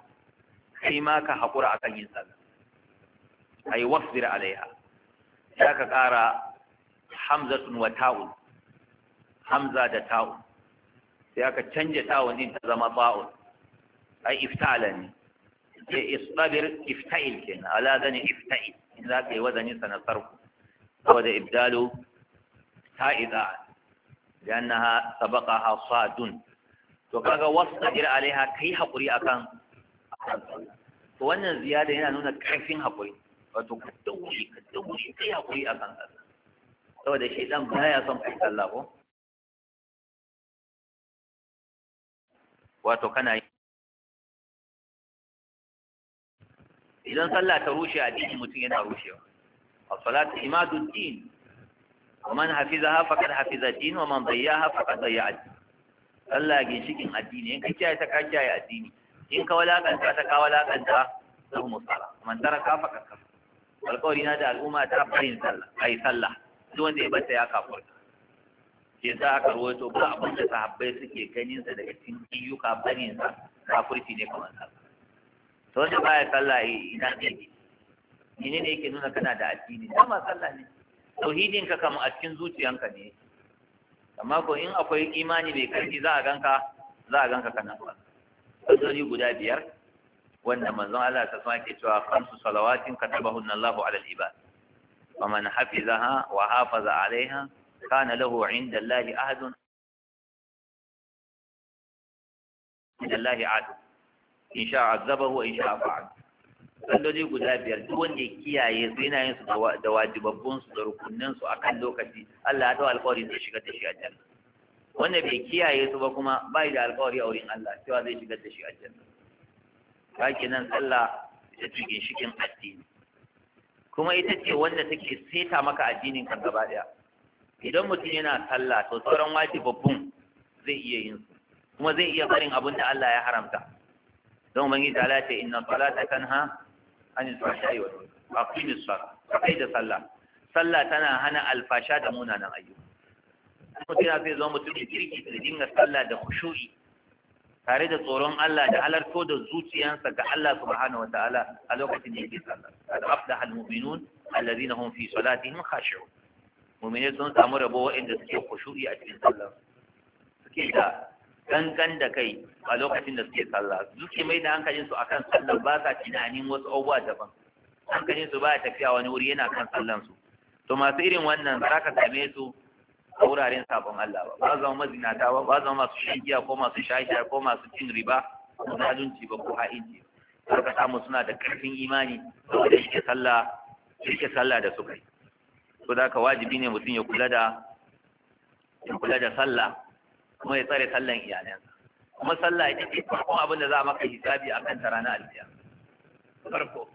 kai ma ka haƙura a kan yin yi ai wasbir alaiha ya ka ƙara hamzatun wa ta'un hamza da ta'un sai aka canje ta'un din ta zama ba'un ai iftala ne sai isbabir ifta'il kenan ala zani ifta'il in za ka yi wazanin sa wadda ibdalu ta iza da yana ha sabaka to kaga wasa jira alai ha kai hakuri a kan to wannan ziyada yana nuna karfin hakuri wato ka dauri ka dauri kai hakuri a kan kasa saboda shi dan ba ya son kai idan sallah ta rushe a jikin mutum yana rushewa as-salatu imadud din wa man hafizaha faqad hafiza din wa man dayyaha faqad dayya ad ginshikin addini in ka kiyaye ta ka kiyaye addini in ka walakanta ta ka walakanta lahu musala man taraka faqad kafara alƙawari na da al'umma ta bayin sallah ai sallah duk ya ke sa aka rawaito ba abin da sahabbai suke ganinsa daga cikin iyuka barin kafurci ne kamar sallah to wanda baya sallah idan ne ne yake nuna kana da addini dama sallah ne tauhidin ka kam a cikin zuciyanka ne amma ko in akwai imani mai karfi za a ganka za a ganka kana ba salloli guda biyar wanda manzon Allah ta sama ke cewa khamsu salawatin katabahunna Allahu ala al-ibad wa man hafizaha wa hafaza alaiha kana lahu inda Allah ahadun inda Allah ahad in sha azabahu wa in sha fa'al salloli guda biyar duk wanda ya kiyaye su yana yin su da wajibabbun su da rukunin su akan lokaci Allah ya dau alƙawarin zai shigar da shi a aljanna wanda bai kiyaye su ba kuma bai da alƙawari a wurin Allah cewa zai shigar da shi a aljanna ba kenan sallah ita ce ginshikin addini kuma ita ce wanda take seta maka addinin kan gaba daya idan mutum yana sallah to sauran wajibabbun zai iya yin su kuma zai iya barin abin da Allah ya haramta don ubangiji ta ce inna salata tanha an yi zuwa shayi wani ba ku yi sara kai da sallah sallah tana hana alfasha da munanan ayyuka mutum yana zai zama mutumin kirki da dinga sallah da khushu'i tare da tsoron Allah da halarto da zuciyarsa ga Allah subhanahu wataala a lokacin da yake sallah da qad aflaha almu'minun alladhina hum fi salatihim khashi'un mu'mine sun samu rabo waɗanda suke khushu'i a cikin sallah suke da gangan da kai a lokacin da suke sallah suke mai da hankalin su akan sallah ba sa tunanin wasu abubuwa daban hankalin su ba ya tafiya wani wuri yana kan sallan su to masu irin wannan za ka same su a wuraren sabon Allah ba ba zama mazinata ba ba zama masu shigiya ko masu shahiya ko masu cin riba ko zalunci ba ko ha'inci za ka samu suna da karfin imani saboda yake sallah yake sallah da su kai. to za ka wajibi ne mutum ya kula da ya kula da sallah kuma ya tsare sallan iyalansa kuma sallah ita ce farkon abin da za a maka hisabi a kan tara na alfiya farko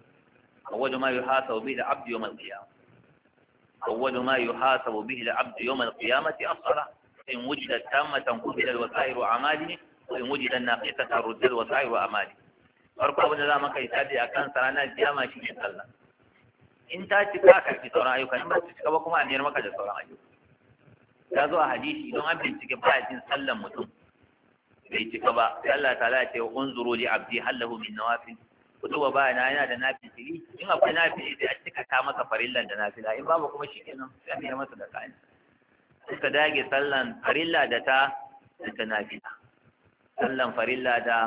awwalu ma yuhasabu bihi al-abdu yawm al-qiyamah awwalu ma yuhasabu bihi al-abdu yawm al-qiyamati as-salah in wujidat tammatan qubila al-wasa'ir wa amalihi wa in wujidat naqisatan ruddal wasa'ir wa amalihi farko abin da za maka hisabi a kan tara na alkiyama shine sallah in ta ci ka fi sauran ayyuka in ba ta cika ba kuma a niyar maka da sauran ayyuka ya zo a hadisi don an bincike jin sallan mutum bai cika ba sai Allah ta ya ce unzuru li abdi hallahu min nawafil ba bayana yana da nafili in akwai nafili sai a cika ta masa farillan da nafila in babu kuma shikenan sai a biya masa da kayan suka dage sallan farilla da ta da ta nafila sallan farilla da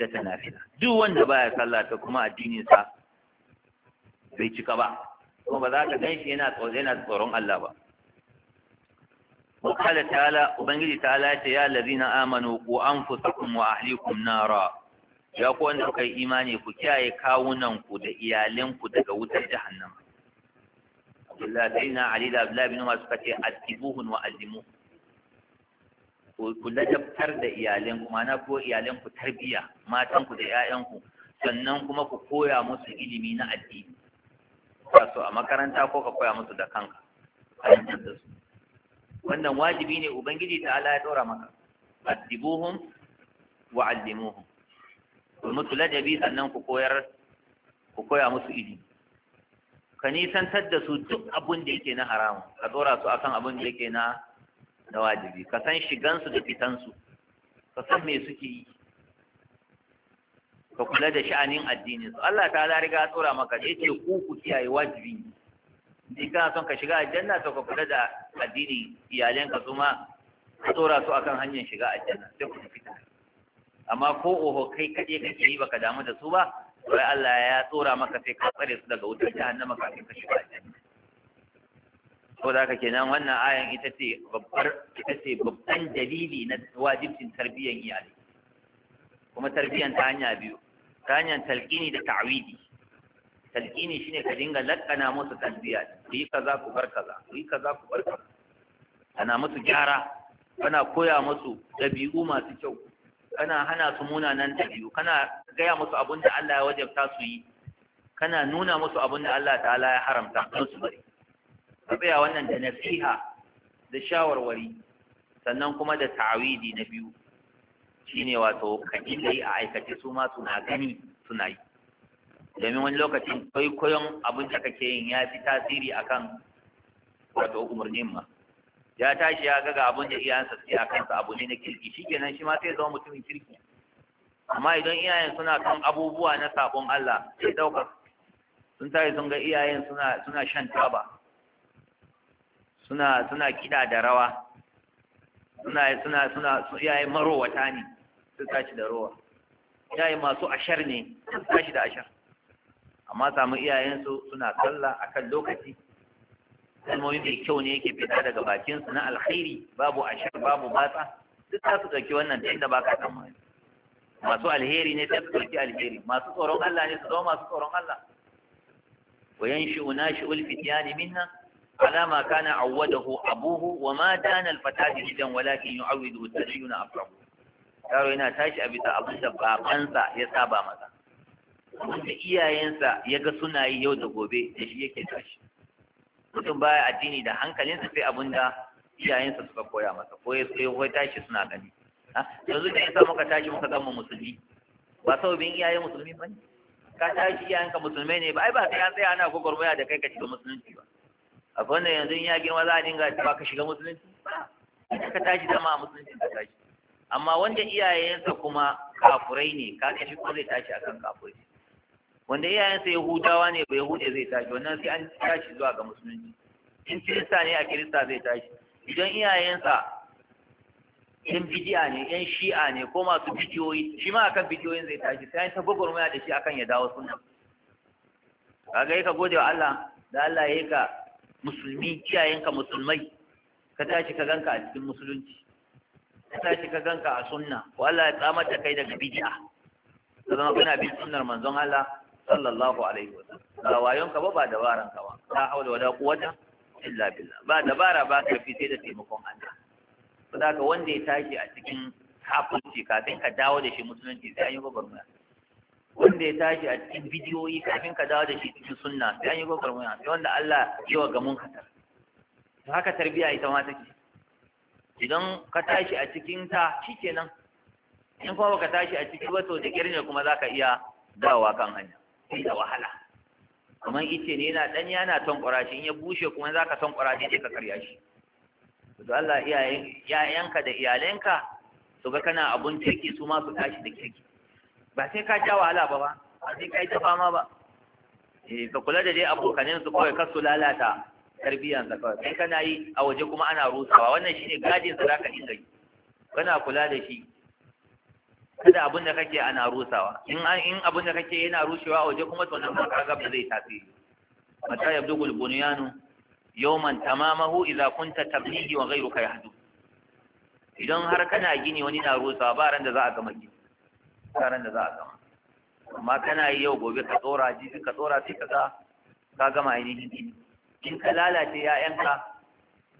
da ta nafila duk wanda baya sallah ta kuma addinin sa bai cika ba kuma ba za ka gan shi yana tsoron Allah ba وقال تعالى وبنجي ubangiji يا الذين ya allazina amanu ku anfusakum wa ahlikum nara ya ku wanda kai imani ku kiyaye kawunanku ku da iyalan daga wutar jahannama Abdullah sayyidina Ali da Abdullah bin Umar suka ce كو wa ku تنكو da iyalan sannan kuma ku koya musu ilimi na addini ka so a makaranta ko ka koya musu da kanka a yankin da su wannan wajibi ne ubangiji ta ala ya dora maka addibuhum wa allimuhum ku mutu ladabi sannan ku koyar ku koya musu ilimi ka nisantar da su duk abin da yake na haramun ka dora su akan abin da yake na na wajibi ka san shigansu da fitansu ka san me suke yi ka kula da sha'anin addinin su Allah ta riga tsora maka da yake ku ku kiyaye wajibi in kana son ka shiga aljanna to ka kula da addini iyalanka su ma ka tsora su akan hanyar shiga aljanna sai ku fita amma ko oho kai kaɗai ka yi baka damu da su ba ai Allah ya tsora maka sai ka tsare su daga wutar jahannama kafin ka shiga aljanna ko da haka kenan wannan ayan ita ce babbar ita ce babban dalili na wajibcin tarbiyyar iyali kuma tarbiyyar ta hanya biyu ta hanyar talqini da ta'widi talqini shine ka dinga lakana musu tasbiya ku yi kaza ku bar kaza ku yi kaza ku bar kaza ana musu gyara kana koya musu dabi'u masu kyau kana hana su munanan dabi'u kana gaya musu abin da Allah ya wajabta su yi kana nuna musu abin da Allah ta'ala ya haramta don su bari ka tsaya wannan da nasiha da shawarwari sannan kuma da ta'awidi na biyu shine wato ka yi a aikace su ma suna gani suna yi domin wani lokacin kwaikwayon abin da kake yin ya fi tasiri akan wato umarnin ma ya tashi ya gaga abin da iyayensa suke a kansa abu ne na kirki shikenan shi ma sai zama mutumin kirki amma idan iyayen suna kan abubuwa na sabon Allah sai ɗaukar sun tashi sun ga iyayen suna suna shan taba suna suna kiɗa da rawa suna suna suna iyaye marowata ne sun tashi da rawa Iyaye masu ashar ne sun tashi da ashar amma samu iyayensu suna sallah akan lokaci kalmomi mai kyau ne yake fita daga bakinsu na alkhairi babu ashar babu batsa duk za su ɗauki wannan ta inda ba ka tsammani masu alheri ne sai su ɗauki alheri masu tsoron Allah ne su zama masu tsoron Allah wa ulfi ya fityani minna ala ma kana awwadahu abuhu wa ma dana al-fata bi hidan walakin yu'awidu na afrahu yaro yana tashi a bisa abin da babansa ya saba masa wanda iyayensa ya ga suna yi yau da gobe da shi yake tashi mutum baya addini da hankalinsa sai abin da iyayensa suka koya masa ko ya koya tashi suna gani yanzu da yasa muka tashi muka zama musulmi ba sau bin iyayen musulmi ba ne ka tashi iyayenka musulmai ne ba ai ba sai an tsaya ana gwagwarmaya da kai ka shiga musulunci ba a wannan yanzu in ya girma za a dinga ba ka shiga musulunci ba ka tashi zama a musulunci ka tashi amma wanda iyayensa kuma kafurai ne ka tashi ko zai tashi akan kafurai wanda iyayensa yahudawa ne ba yahude zai tashi wannan sai an tashi zuwa ga musulunci in kirista ne a kirista zai tashi idan iyayensa yan bidiya ne yan shi'a ne ko masu bidiyoyi shi ma akan bidiyoyin zai tashi sai an ta gwagwarmaya da shi akan ya dawo sunna kaga ka gode wa Allah da Allah ya yi ka musulmi iyayenka musulmai ka tashi ka ganka a cikin musulunci ka tashi ka ganka a sunna wallahi ya tsamar da kai daga bidiya ka zama kana bin sunnar manzon Allah sallallahu alaihi wa sallam ba wayon ka ba ba dabaran ka ba la hawla wala quwwata illa billah ba dabara ba ka fi sai da taimakon Allah saboda ka wanda ya tashi a cikin kafirci kafin ka dawo da shi musulunci sai an yi gwagwarmaya wanda ya tashi a cikin bidiyoyi kafin ka dawo da shi cikin sunna sai an yi gwagwarmaya sai wanda Allah ya wa gamun katar to haka tarbiya ita ma take idan ka tashi a cikin ta shikenan in kuma baka tashi a cikin ba to da kirne kuma zaka iya dawa kan hanya sai da wahala kamar ice ne yana ɗan yana tankwara shi in ya bushe kuma za ka tankwara shi ka karya shi to Allah iyayenka da iyalenka su ga kana abun kirki su ma su tashi da kirki ba sai ka ja wahala ba ba ba sai ka yi ta fama ba eh, ka kula da dai abokanin su kawai kar su lalata tarbiyyar sa kawai kai kana yi a waje kuma ana rusawa wannan shine gadin sa zaka dinga yi kana kula da shi kada abin da kake ana rusawa in in abin da kake yana rushewa waje kuma to nan ka ga ba zai tasiri mata ya al-bunyanu yawman tamamahu idza kunta tabnihi wa ghayruka yahdu idan har kana gini wani na rusawa ba ran da za a gama gini ba ran da za a gama amma kana yi yau gobe ka tsora ji ka tsora sai ka ga ka gama ainihin gini in ka lalace ya'yanka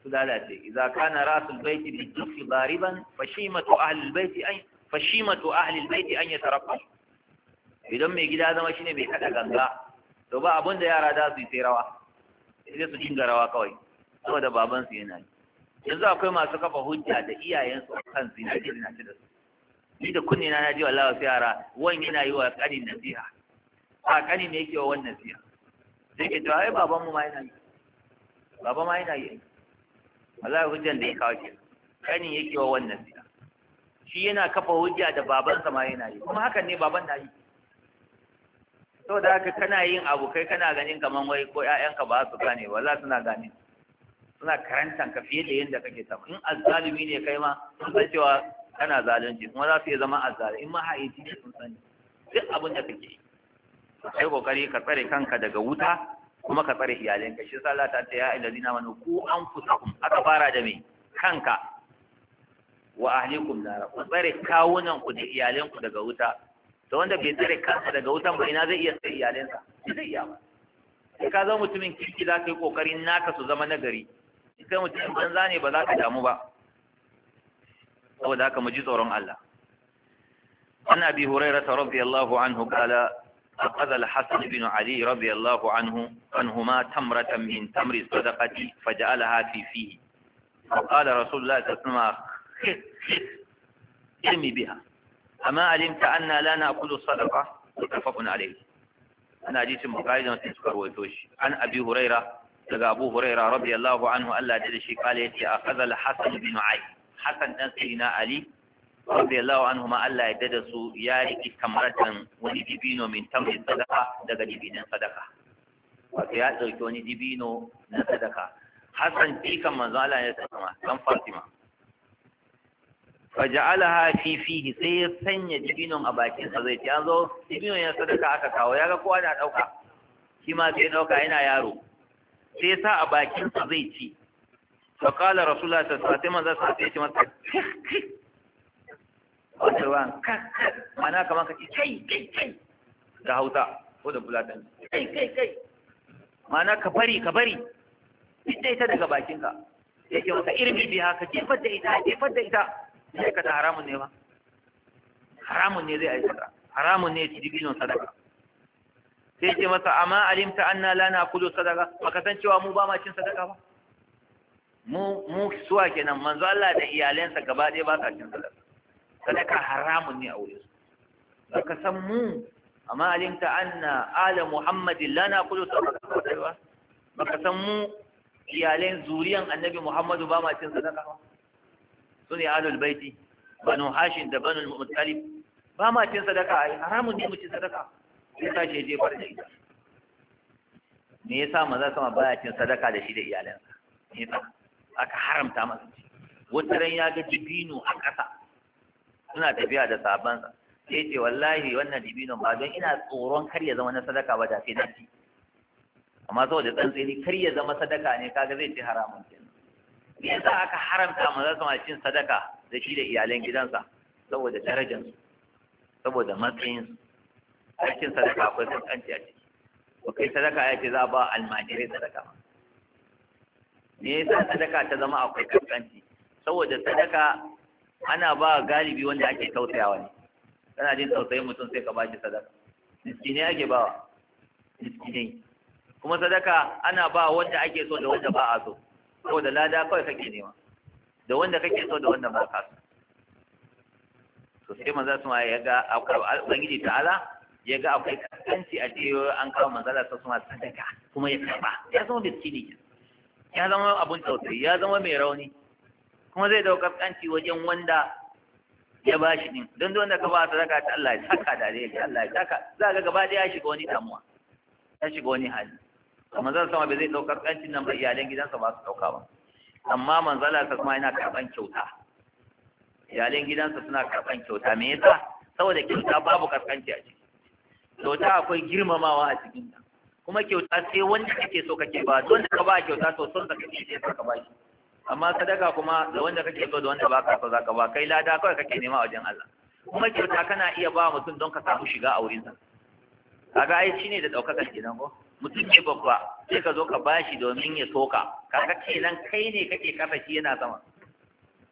su lalace idza kana rasul baiti bi dufi bariban fa shimatu ahli albayti baiti ay fashimatu ahli albayti an yatarabbasu idan mai gida zama shine mai kada ganga to ba abin da yara za su yi sai rawa sai su dinga rawa kawai saboda baban su yana yanzu akwai masu kafa hujja da iyayen su kan zina zina da su ni da kunne na ji wallahi sai yara wan yana yi wa kanin nasiha a kanin ne yake wa wannan nasiha sai ke to ai baban mu ma yana yi baba ma yana yi wallahi hujjan da ya kawo ke kanin yake wa wannan nasiha shi yana kafa hujja da babansa ma yana yi kuma hakan ne baban na yi da haka kana yin abu kai kana ganin kaman wai ko ƴaƴanka ba su gane wala suna gane suna karantan ka fiye da yadda kake ta in azzalimi ne kai ma sun san cewa kana zalunci kuma za su iya zama azzalimi in ma ha'inci ne sun sani duk abin da kake yi kai kokari ka tsare kanka daga wuta kuma ka tsare iyalinka shi yasa Allah ta ce ya ayyuhallazina amanu ku anfusakum aka fara da me kanka wa ahlikum nara ku tsare kawunan ku da iyalan ku daga wuta to wanda bai tsare kansa daga wutan ba ina zai iya tsare iyalansa zai iya ba sai ka zama mutumin kirki za ka yi kokarin naka su zama nagari kai mutumin banza ne ba za ka damu ba saboda haka mu ji tsoron Allah an abi hurairah radiyallahu anhu qala أخذ الحسن بن علي رضي الله عنه عنهما تمرة من تمر الصدقة فجعلها في فيه فقال رسول الله صلى الله عليه وسلم ilmi biha amma alimta anna la na'kulu sadaqa mutafaqun alayhi ana hadisin bukhari da muslim suka rawaito shi an abi huraira daga abu huraira radiyallahu anhu Allah ya shi kale yace akhadha al-hasan bin ali hasan dan sayyidina ali radiyallahu anhu ma Allah ya dada su ya riki kamratan wani dibino min tamri sadaqa daga dibinan sadaqa wato ya dauki wani dibino na sadaqa fatima faja'alaha fi fihi sai ya sanya dibinon a bakin sa zai ci an zo dibinon ya sadaka aka kawo ya ga kowa na dauka shi ma sai dauka yana yaro sai sa a bakin sa zai ci fa qala rasulullah sallallahu alaihi wasallam sa sai ci masa wata ruwan kakka mana kamar ka ci kai kai kai da hausa ko da bulatan kai kai kai mana ka bari ka bari ita ita daga bakinka yake maka irmi biya ka jefar da ita jefar da ita aikata haramun ne ba haramun ne zai aikata haramun ne ci dibinon sadaka sai ce masa amma alimta anna la kudu sadaka baka san cewa mu ba ma cin sadaka ba mu mu suwa kenan manzo Allah da iyalansa gaba ɗaya ba sa cin sadaka sadaka haramun ne a wurin su ka san mu amma alimta anna ala muhammadin la kudu sadaka ba? ka san mu iyalan zuriyan annabi muhammadu ba ma cin sadaka ba su ne baiti banu hashin da banu muttalib ba ma cin sadaka ai haramun ne mu cin sadaka sai ta je jefar da ita me yasa maza sama baya cin sadaka da shi da iyalansa me yasa aka haramta masa wata ran ya ga dibino a ƙasa suna tafiya da sabansa sai ce wallahi wannan dibino ba don ina tsoron kar ya zama na sadaka ba da sai na ci amma saboda tsantsi kar ya zama sadaka ne kaga zai ci haramun ce me yasa aka haramta su ma cin sadaka da shi da iyalan gidansa saboda darajar su saboda matsayin su aikin sadaka akwai kankanci a ciki ko kai sadaka ya ce za ba almajirai sadaka me yasa sadaka ta zama akwai kankanci saboda sadaka ana ba galibi wanda ake tausayawa ne kana jin tausayin mutum sai ka ba shi sadaka ne ake bawa ne kuma sadaka ana ba wanda ake so da wanda ba a so ko da lada kawai kake nema da wanda kake so da wanda ba ka so to sai manzo sun ya ga ubangiji ta'ala ya ga akwai kanci a cewa an kawo manzala ta suna sadaka kuma ya karba ya zama miskini ya zama abun tausayi ya zama mai rauni kuma zai dauka kanci wajen wanda ya ba shi din don don da ka ba sadaka ta Allah ya saka da ya Allah ya saka za ga gaba da ya shiga wani damuwa ya shiga wani hali manzon sama bai zai ɗaukar ƙancin nan ba iyalan gidansa ba su ɗauka ba amma manzala ta kuma yana karɓan kyauta iyalan gidansa suna karɓan kyauta me yasa saboda kyauta babu karɓanci a ciki kyauta akwai girmamawa a cikin ta kuma kyauta sai wanda kake so kake ba don da ka ba kyauta to son ka kake sai ka ba shi amma sadaka kuma da wanda kake so da wanda baka so zaka ba kai lada kawai kake nema wajen Allah kuma kyauta kana iya ba mutum don ka samu shiga a wurinsa kaga ai shine da daukar gidan ko mutum ne babba sai ka zo ka bashi domin ya soka kaga nan kai ne kake kafa shi yana sama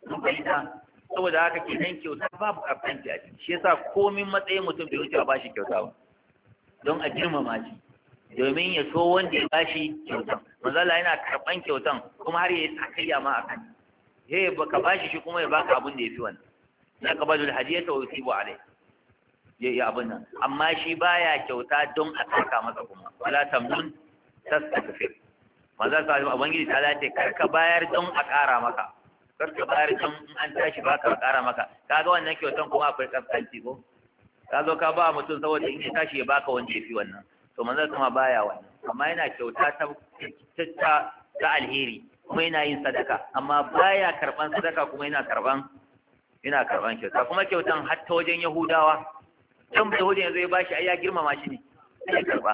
mun fahimta saboda haka kenan kyauta babu kafanci a ciki shi yasa komin matsayin mutum bai wuce a bashi kyauta ba don a girmama shi domin ya so wanda ya bashi kyautan manzala yana karban kyautan kuma har ya yi sakayya ma a kan ya yi baka bashi shi kuma ya baka abin da ya fi wani na kabalul ta wasu ibu alai ya iya abin nan amma shi baya kyauta don a saka masa kuma wala tamnun tastakfir manzo sa shi abangi ta lace karka bayar don a kara maka karka bayar don an tashi baka a kara maka kaga wannan kyautan kuma akwai kaskanci ko ka zo ka ba mutum saboda in ya tashi ya baka wanda ya wannan to manzo kuma baya wannan amma yana kyauta ta ta alheri kuma yana yin sadaka amma baya karban sadaka kuma yana karban yana karban kyauta kuma kyautan har ta wajen Yahudawa dan bai hudin yanzu ya bashi ai ya girmama shi ne a ya karba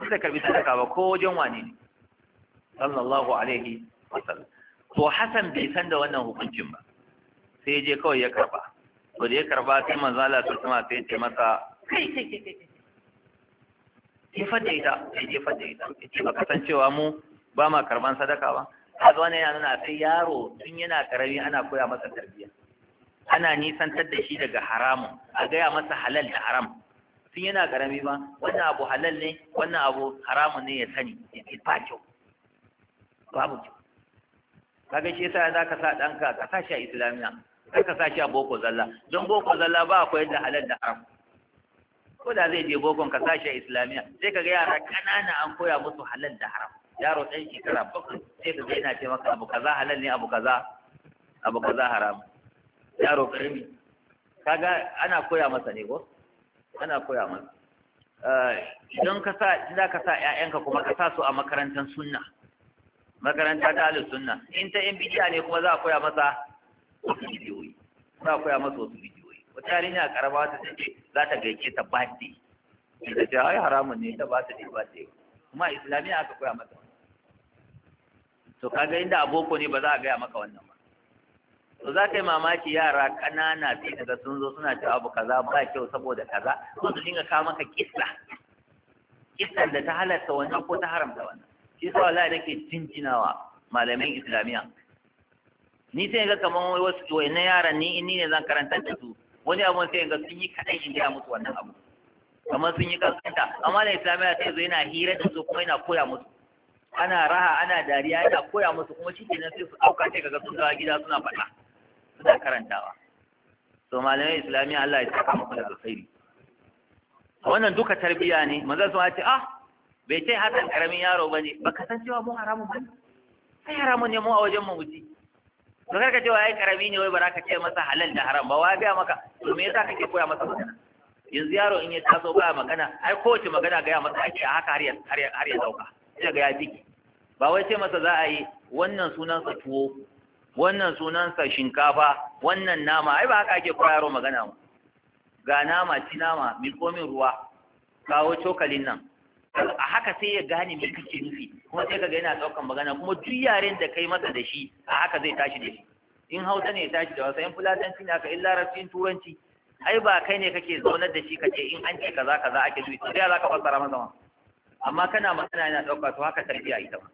sai da karbi sadaka ba ko wajen wane ne sallallahu alaihi wasallam to Hassan bai san da wannan hukuncin ba sai ya je kawai ya karba to da ya karba sai manzo Allah ta sama sai ce masa kai kai kai kai ya fadda ita ya je fadda ita ce baka san cewa mu ba ma karban sadaka ba kaga wannan yana nuna sai yaro tun yana karami ana koya masa tarbiyya ana nisantar da shi daga haramun a gaya masa halal da haram sun yana karami ba wannan abu halal ne wannan abu haramun ne ya sani ya ce ba kyau babu kyau kaga shi yasa za ka sa ɗanka ka sa shi a islamiyya kar ka sa shi a boko zalla don boko zalla ba akwai da halal da haram ko da zai je bokon ka sa shi a islamiyya sai ka ga yara ƙanana an koya musu halal da haram yaro ɗan shekara bakwai sai ka ga yana ce maka abu kaza halal ne abu kaza abu kaza haram yaro karimi kaga ana koya masa ne ko ana koya masa eh, idan ka sa za ka sa ƴaƴanka kuma ka sa su a makarantar sunna makaranta ta ahlus sunna in ta yan ne kuma za a koya masa wasu bidiyoyi za a koya masa wasu bidiyoyi wata yarinya karama wata take za ta gaice ta birthday da ta ai haramun ne ta ba ta ne birthday kuma islamiyya aka koya mata to kaga inda aboko ne ba za a gaya maka wannan ba to za ka yi mamaki yara ƙanana sai daga sun zo suna cewa abu kaza ba kyau saboda kaza ko su dinga kawo maka kisa kisa da ta halatta wannan ko ta haramta wannan shi sa wallahi nake jinjinawa malamin islamiyya ni sai ga kaman wai wasu wayannan yaran ni ni ne zan karanta da su wani abu sai ga sun yi kaɗan in gaya musu wannan abu kamar sun yi kasanta amma da islamiyya sai zo yana hira da su kuma yana koya musu ana raha ana dariya yana koya musu kuma shi nan sai su ɗauka sai ga sun dawo gida suna faɗa suna karantawa to malamai islamiyya Allah ya saka muku da alkhairi wannan duka tarbiya ne maza su ce ah bai ce hakan karamin yaro bane ba san cewa mu haramun ne ai haramun ne mu a wajen mu muti to karka cewa yi karami ne wai ka ce masa halal da haram ba wa biya maka to me yasa kake koya masa magana yanzu yaro in ya taso ba magana ai kowace magana ga ya masa ake a haka har ya dauka sai ga ya fiki ba wai ce masa za a yi wannan sunan sa tuwo wannan sunansa shinkafa wannan nama ai ba haka ake koyarwa magana mu ga nama ci nama mi komin ruwa kawo cokalin nan a haka sai ya gane me kake nufi kuma sai kaga yana daukan magana kuma duk yaren da kai masa da shi a haka zai tashi da shi in hausa ne ya tashi da wasa in fulatanci ne haka in larabci in turanci ai ba kai ne kake zaunar da shi kace in an ce kaza kaza ake zuwa sai za ka fassara masa ma amma kana magana yana dauka to haka tarbiya ita ba.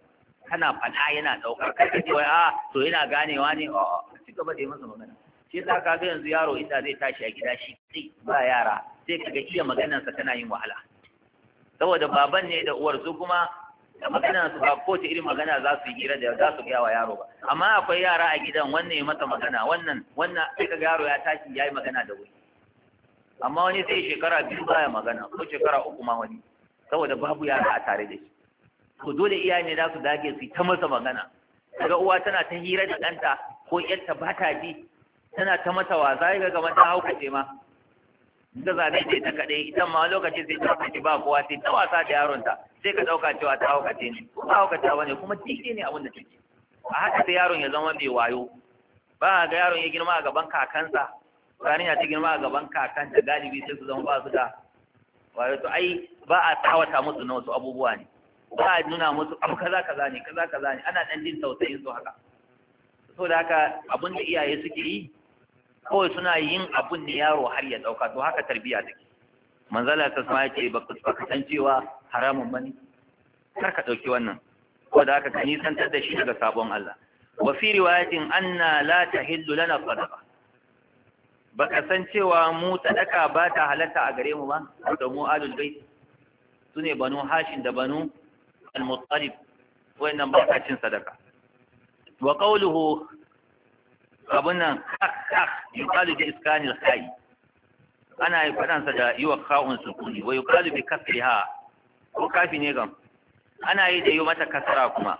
kana fada yana ɗaukar kai ka ce wai a ah, to yana ganewa ne a ci gaba da masa magana shi yasa ka ga yanzu yaro inda zai tashi a gida shi sai ba yara sai kaga iya sa tana yin wahala saboda baban ne da uwar su kuma da maganar su ba ta irin magana za su yi hira da za su gaya yaro ba amma akwai yara a gidan wannan ya mata magana wannan wannan sai kaga yaro ya tashi ya yi magana da wuri amma wani sai shekara biyu baya magana ko shekara uku ma wani saboda babu yara a tare da shi to dole iyaye ne za su dage su ta masa magana daga uwa tana ta hira da ɗanta ko ƴarta ba ta ji tana ta mata wasa ga gama ta haukace ma da zabe ce ta kaɗai ita ma lokacin sai ta ce, ba kowa sai ta wasa da yaronta sai ka ɗauka cewa ta haukace ne kuma haukace ba ne kuma tike ne abin da take a haka sai yaron ya zama mai wayo ba ga yaron ya girma a gaban kakansa Sani ya ta girma a gaban kakanta galibi sai su zama ba su da wayo to ai ba a tawata musu na wasu abubuwa ne Ba a nuna musu abu kaza kaza ne kaza kaza ne ana dan jin tausayin su haka da haka abin da iyaye suke yi kawai suna yin abun ne yaro har ya dauka to haka tarbiya take manzala ta sama yake baka san cewa haramun bane kar ka dauki wannan da haka ka nisantar da shi daga sabon Allah wa fi riwayatin anna la tahillu lana sadaqa ka san cewa mu sadaka ba ta halatta a gare mu ba da mu alul bait sune banu hashin da banu al-muttalib wayannan ba ka cin sadaka wa qawluhu abun nan kak kak yuqalu bi iskani al-kha'i ana yi fadan sa da yuwa kha'un sukuni wa yuqalu bi kasriha ko kafi ne gam ana yi da yi mata kasra kuma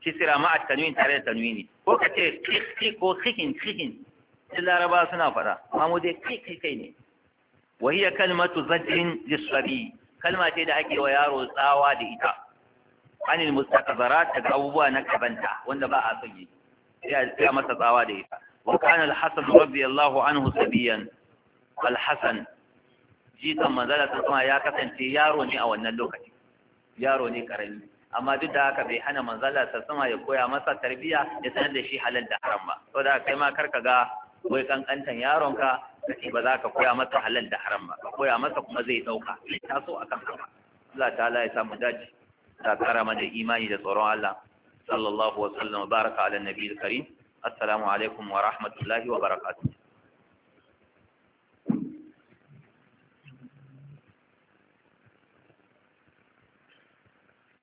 kisra ma at-tanwin tare da tanwini ko kace kik ko khikin khikin laraba suna fada amma mu dai kai kai ne lis-sabi kalma ce da ake wa yaro tsawa da ita. anil mustaqbarat daga abubuwa na kabanta wanda ba a son yi sai a masa tsawa da ita wa kana al-hasan radiyallahu anhu sabiyan al-hasan jikan manzala ta kuma ya kasance yaro ne a wannan lokaci yaro ne karami amma duk da haka bai hana manzala ta sama ya koya masa tarbiya ya sanar da shi halal da haram ba da, kai ma karka ga wai kankantan yaronka kace ba za ka koya masa halal da haram ba ka koya masa kuma zai dauka ta so akan haka Allah ta'ala ya samu dace ta kara mana imani da tsoron Allah sallallahu wa sallam baraka ala nabiyil karim assalamu alaikum wa rahmatullahi wa barakatuh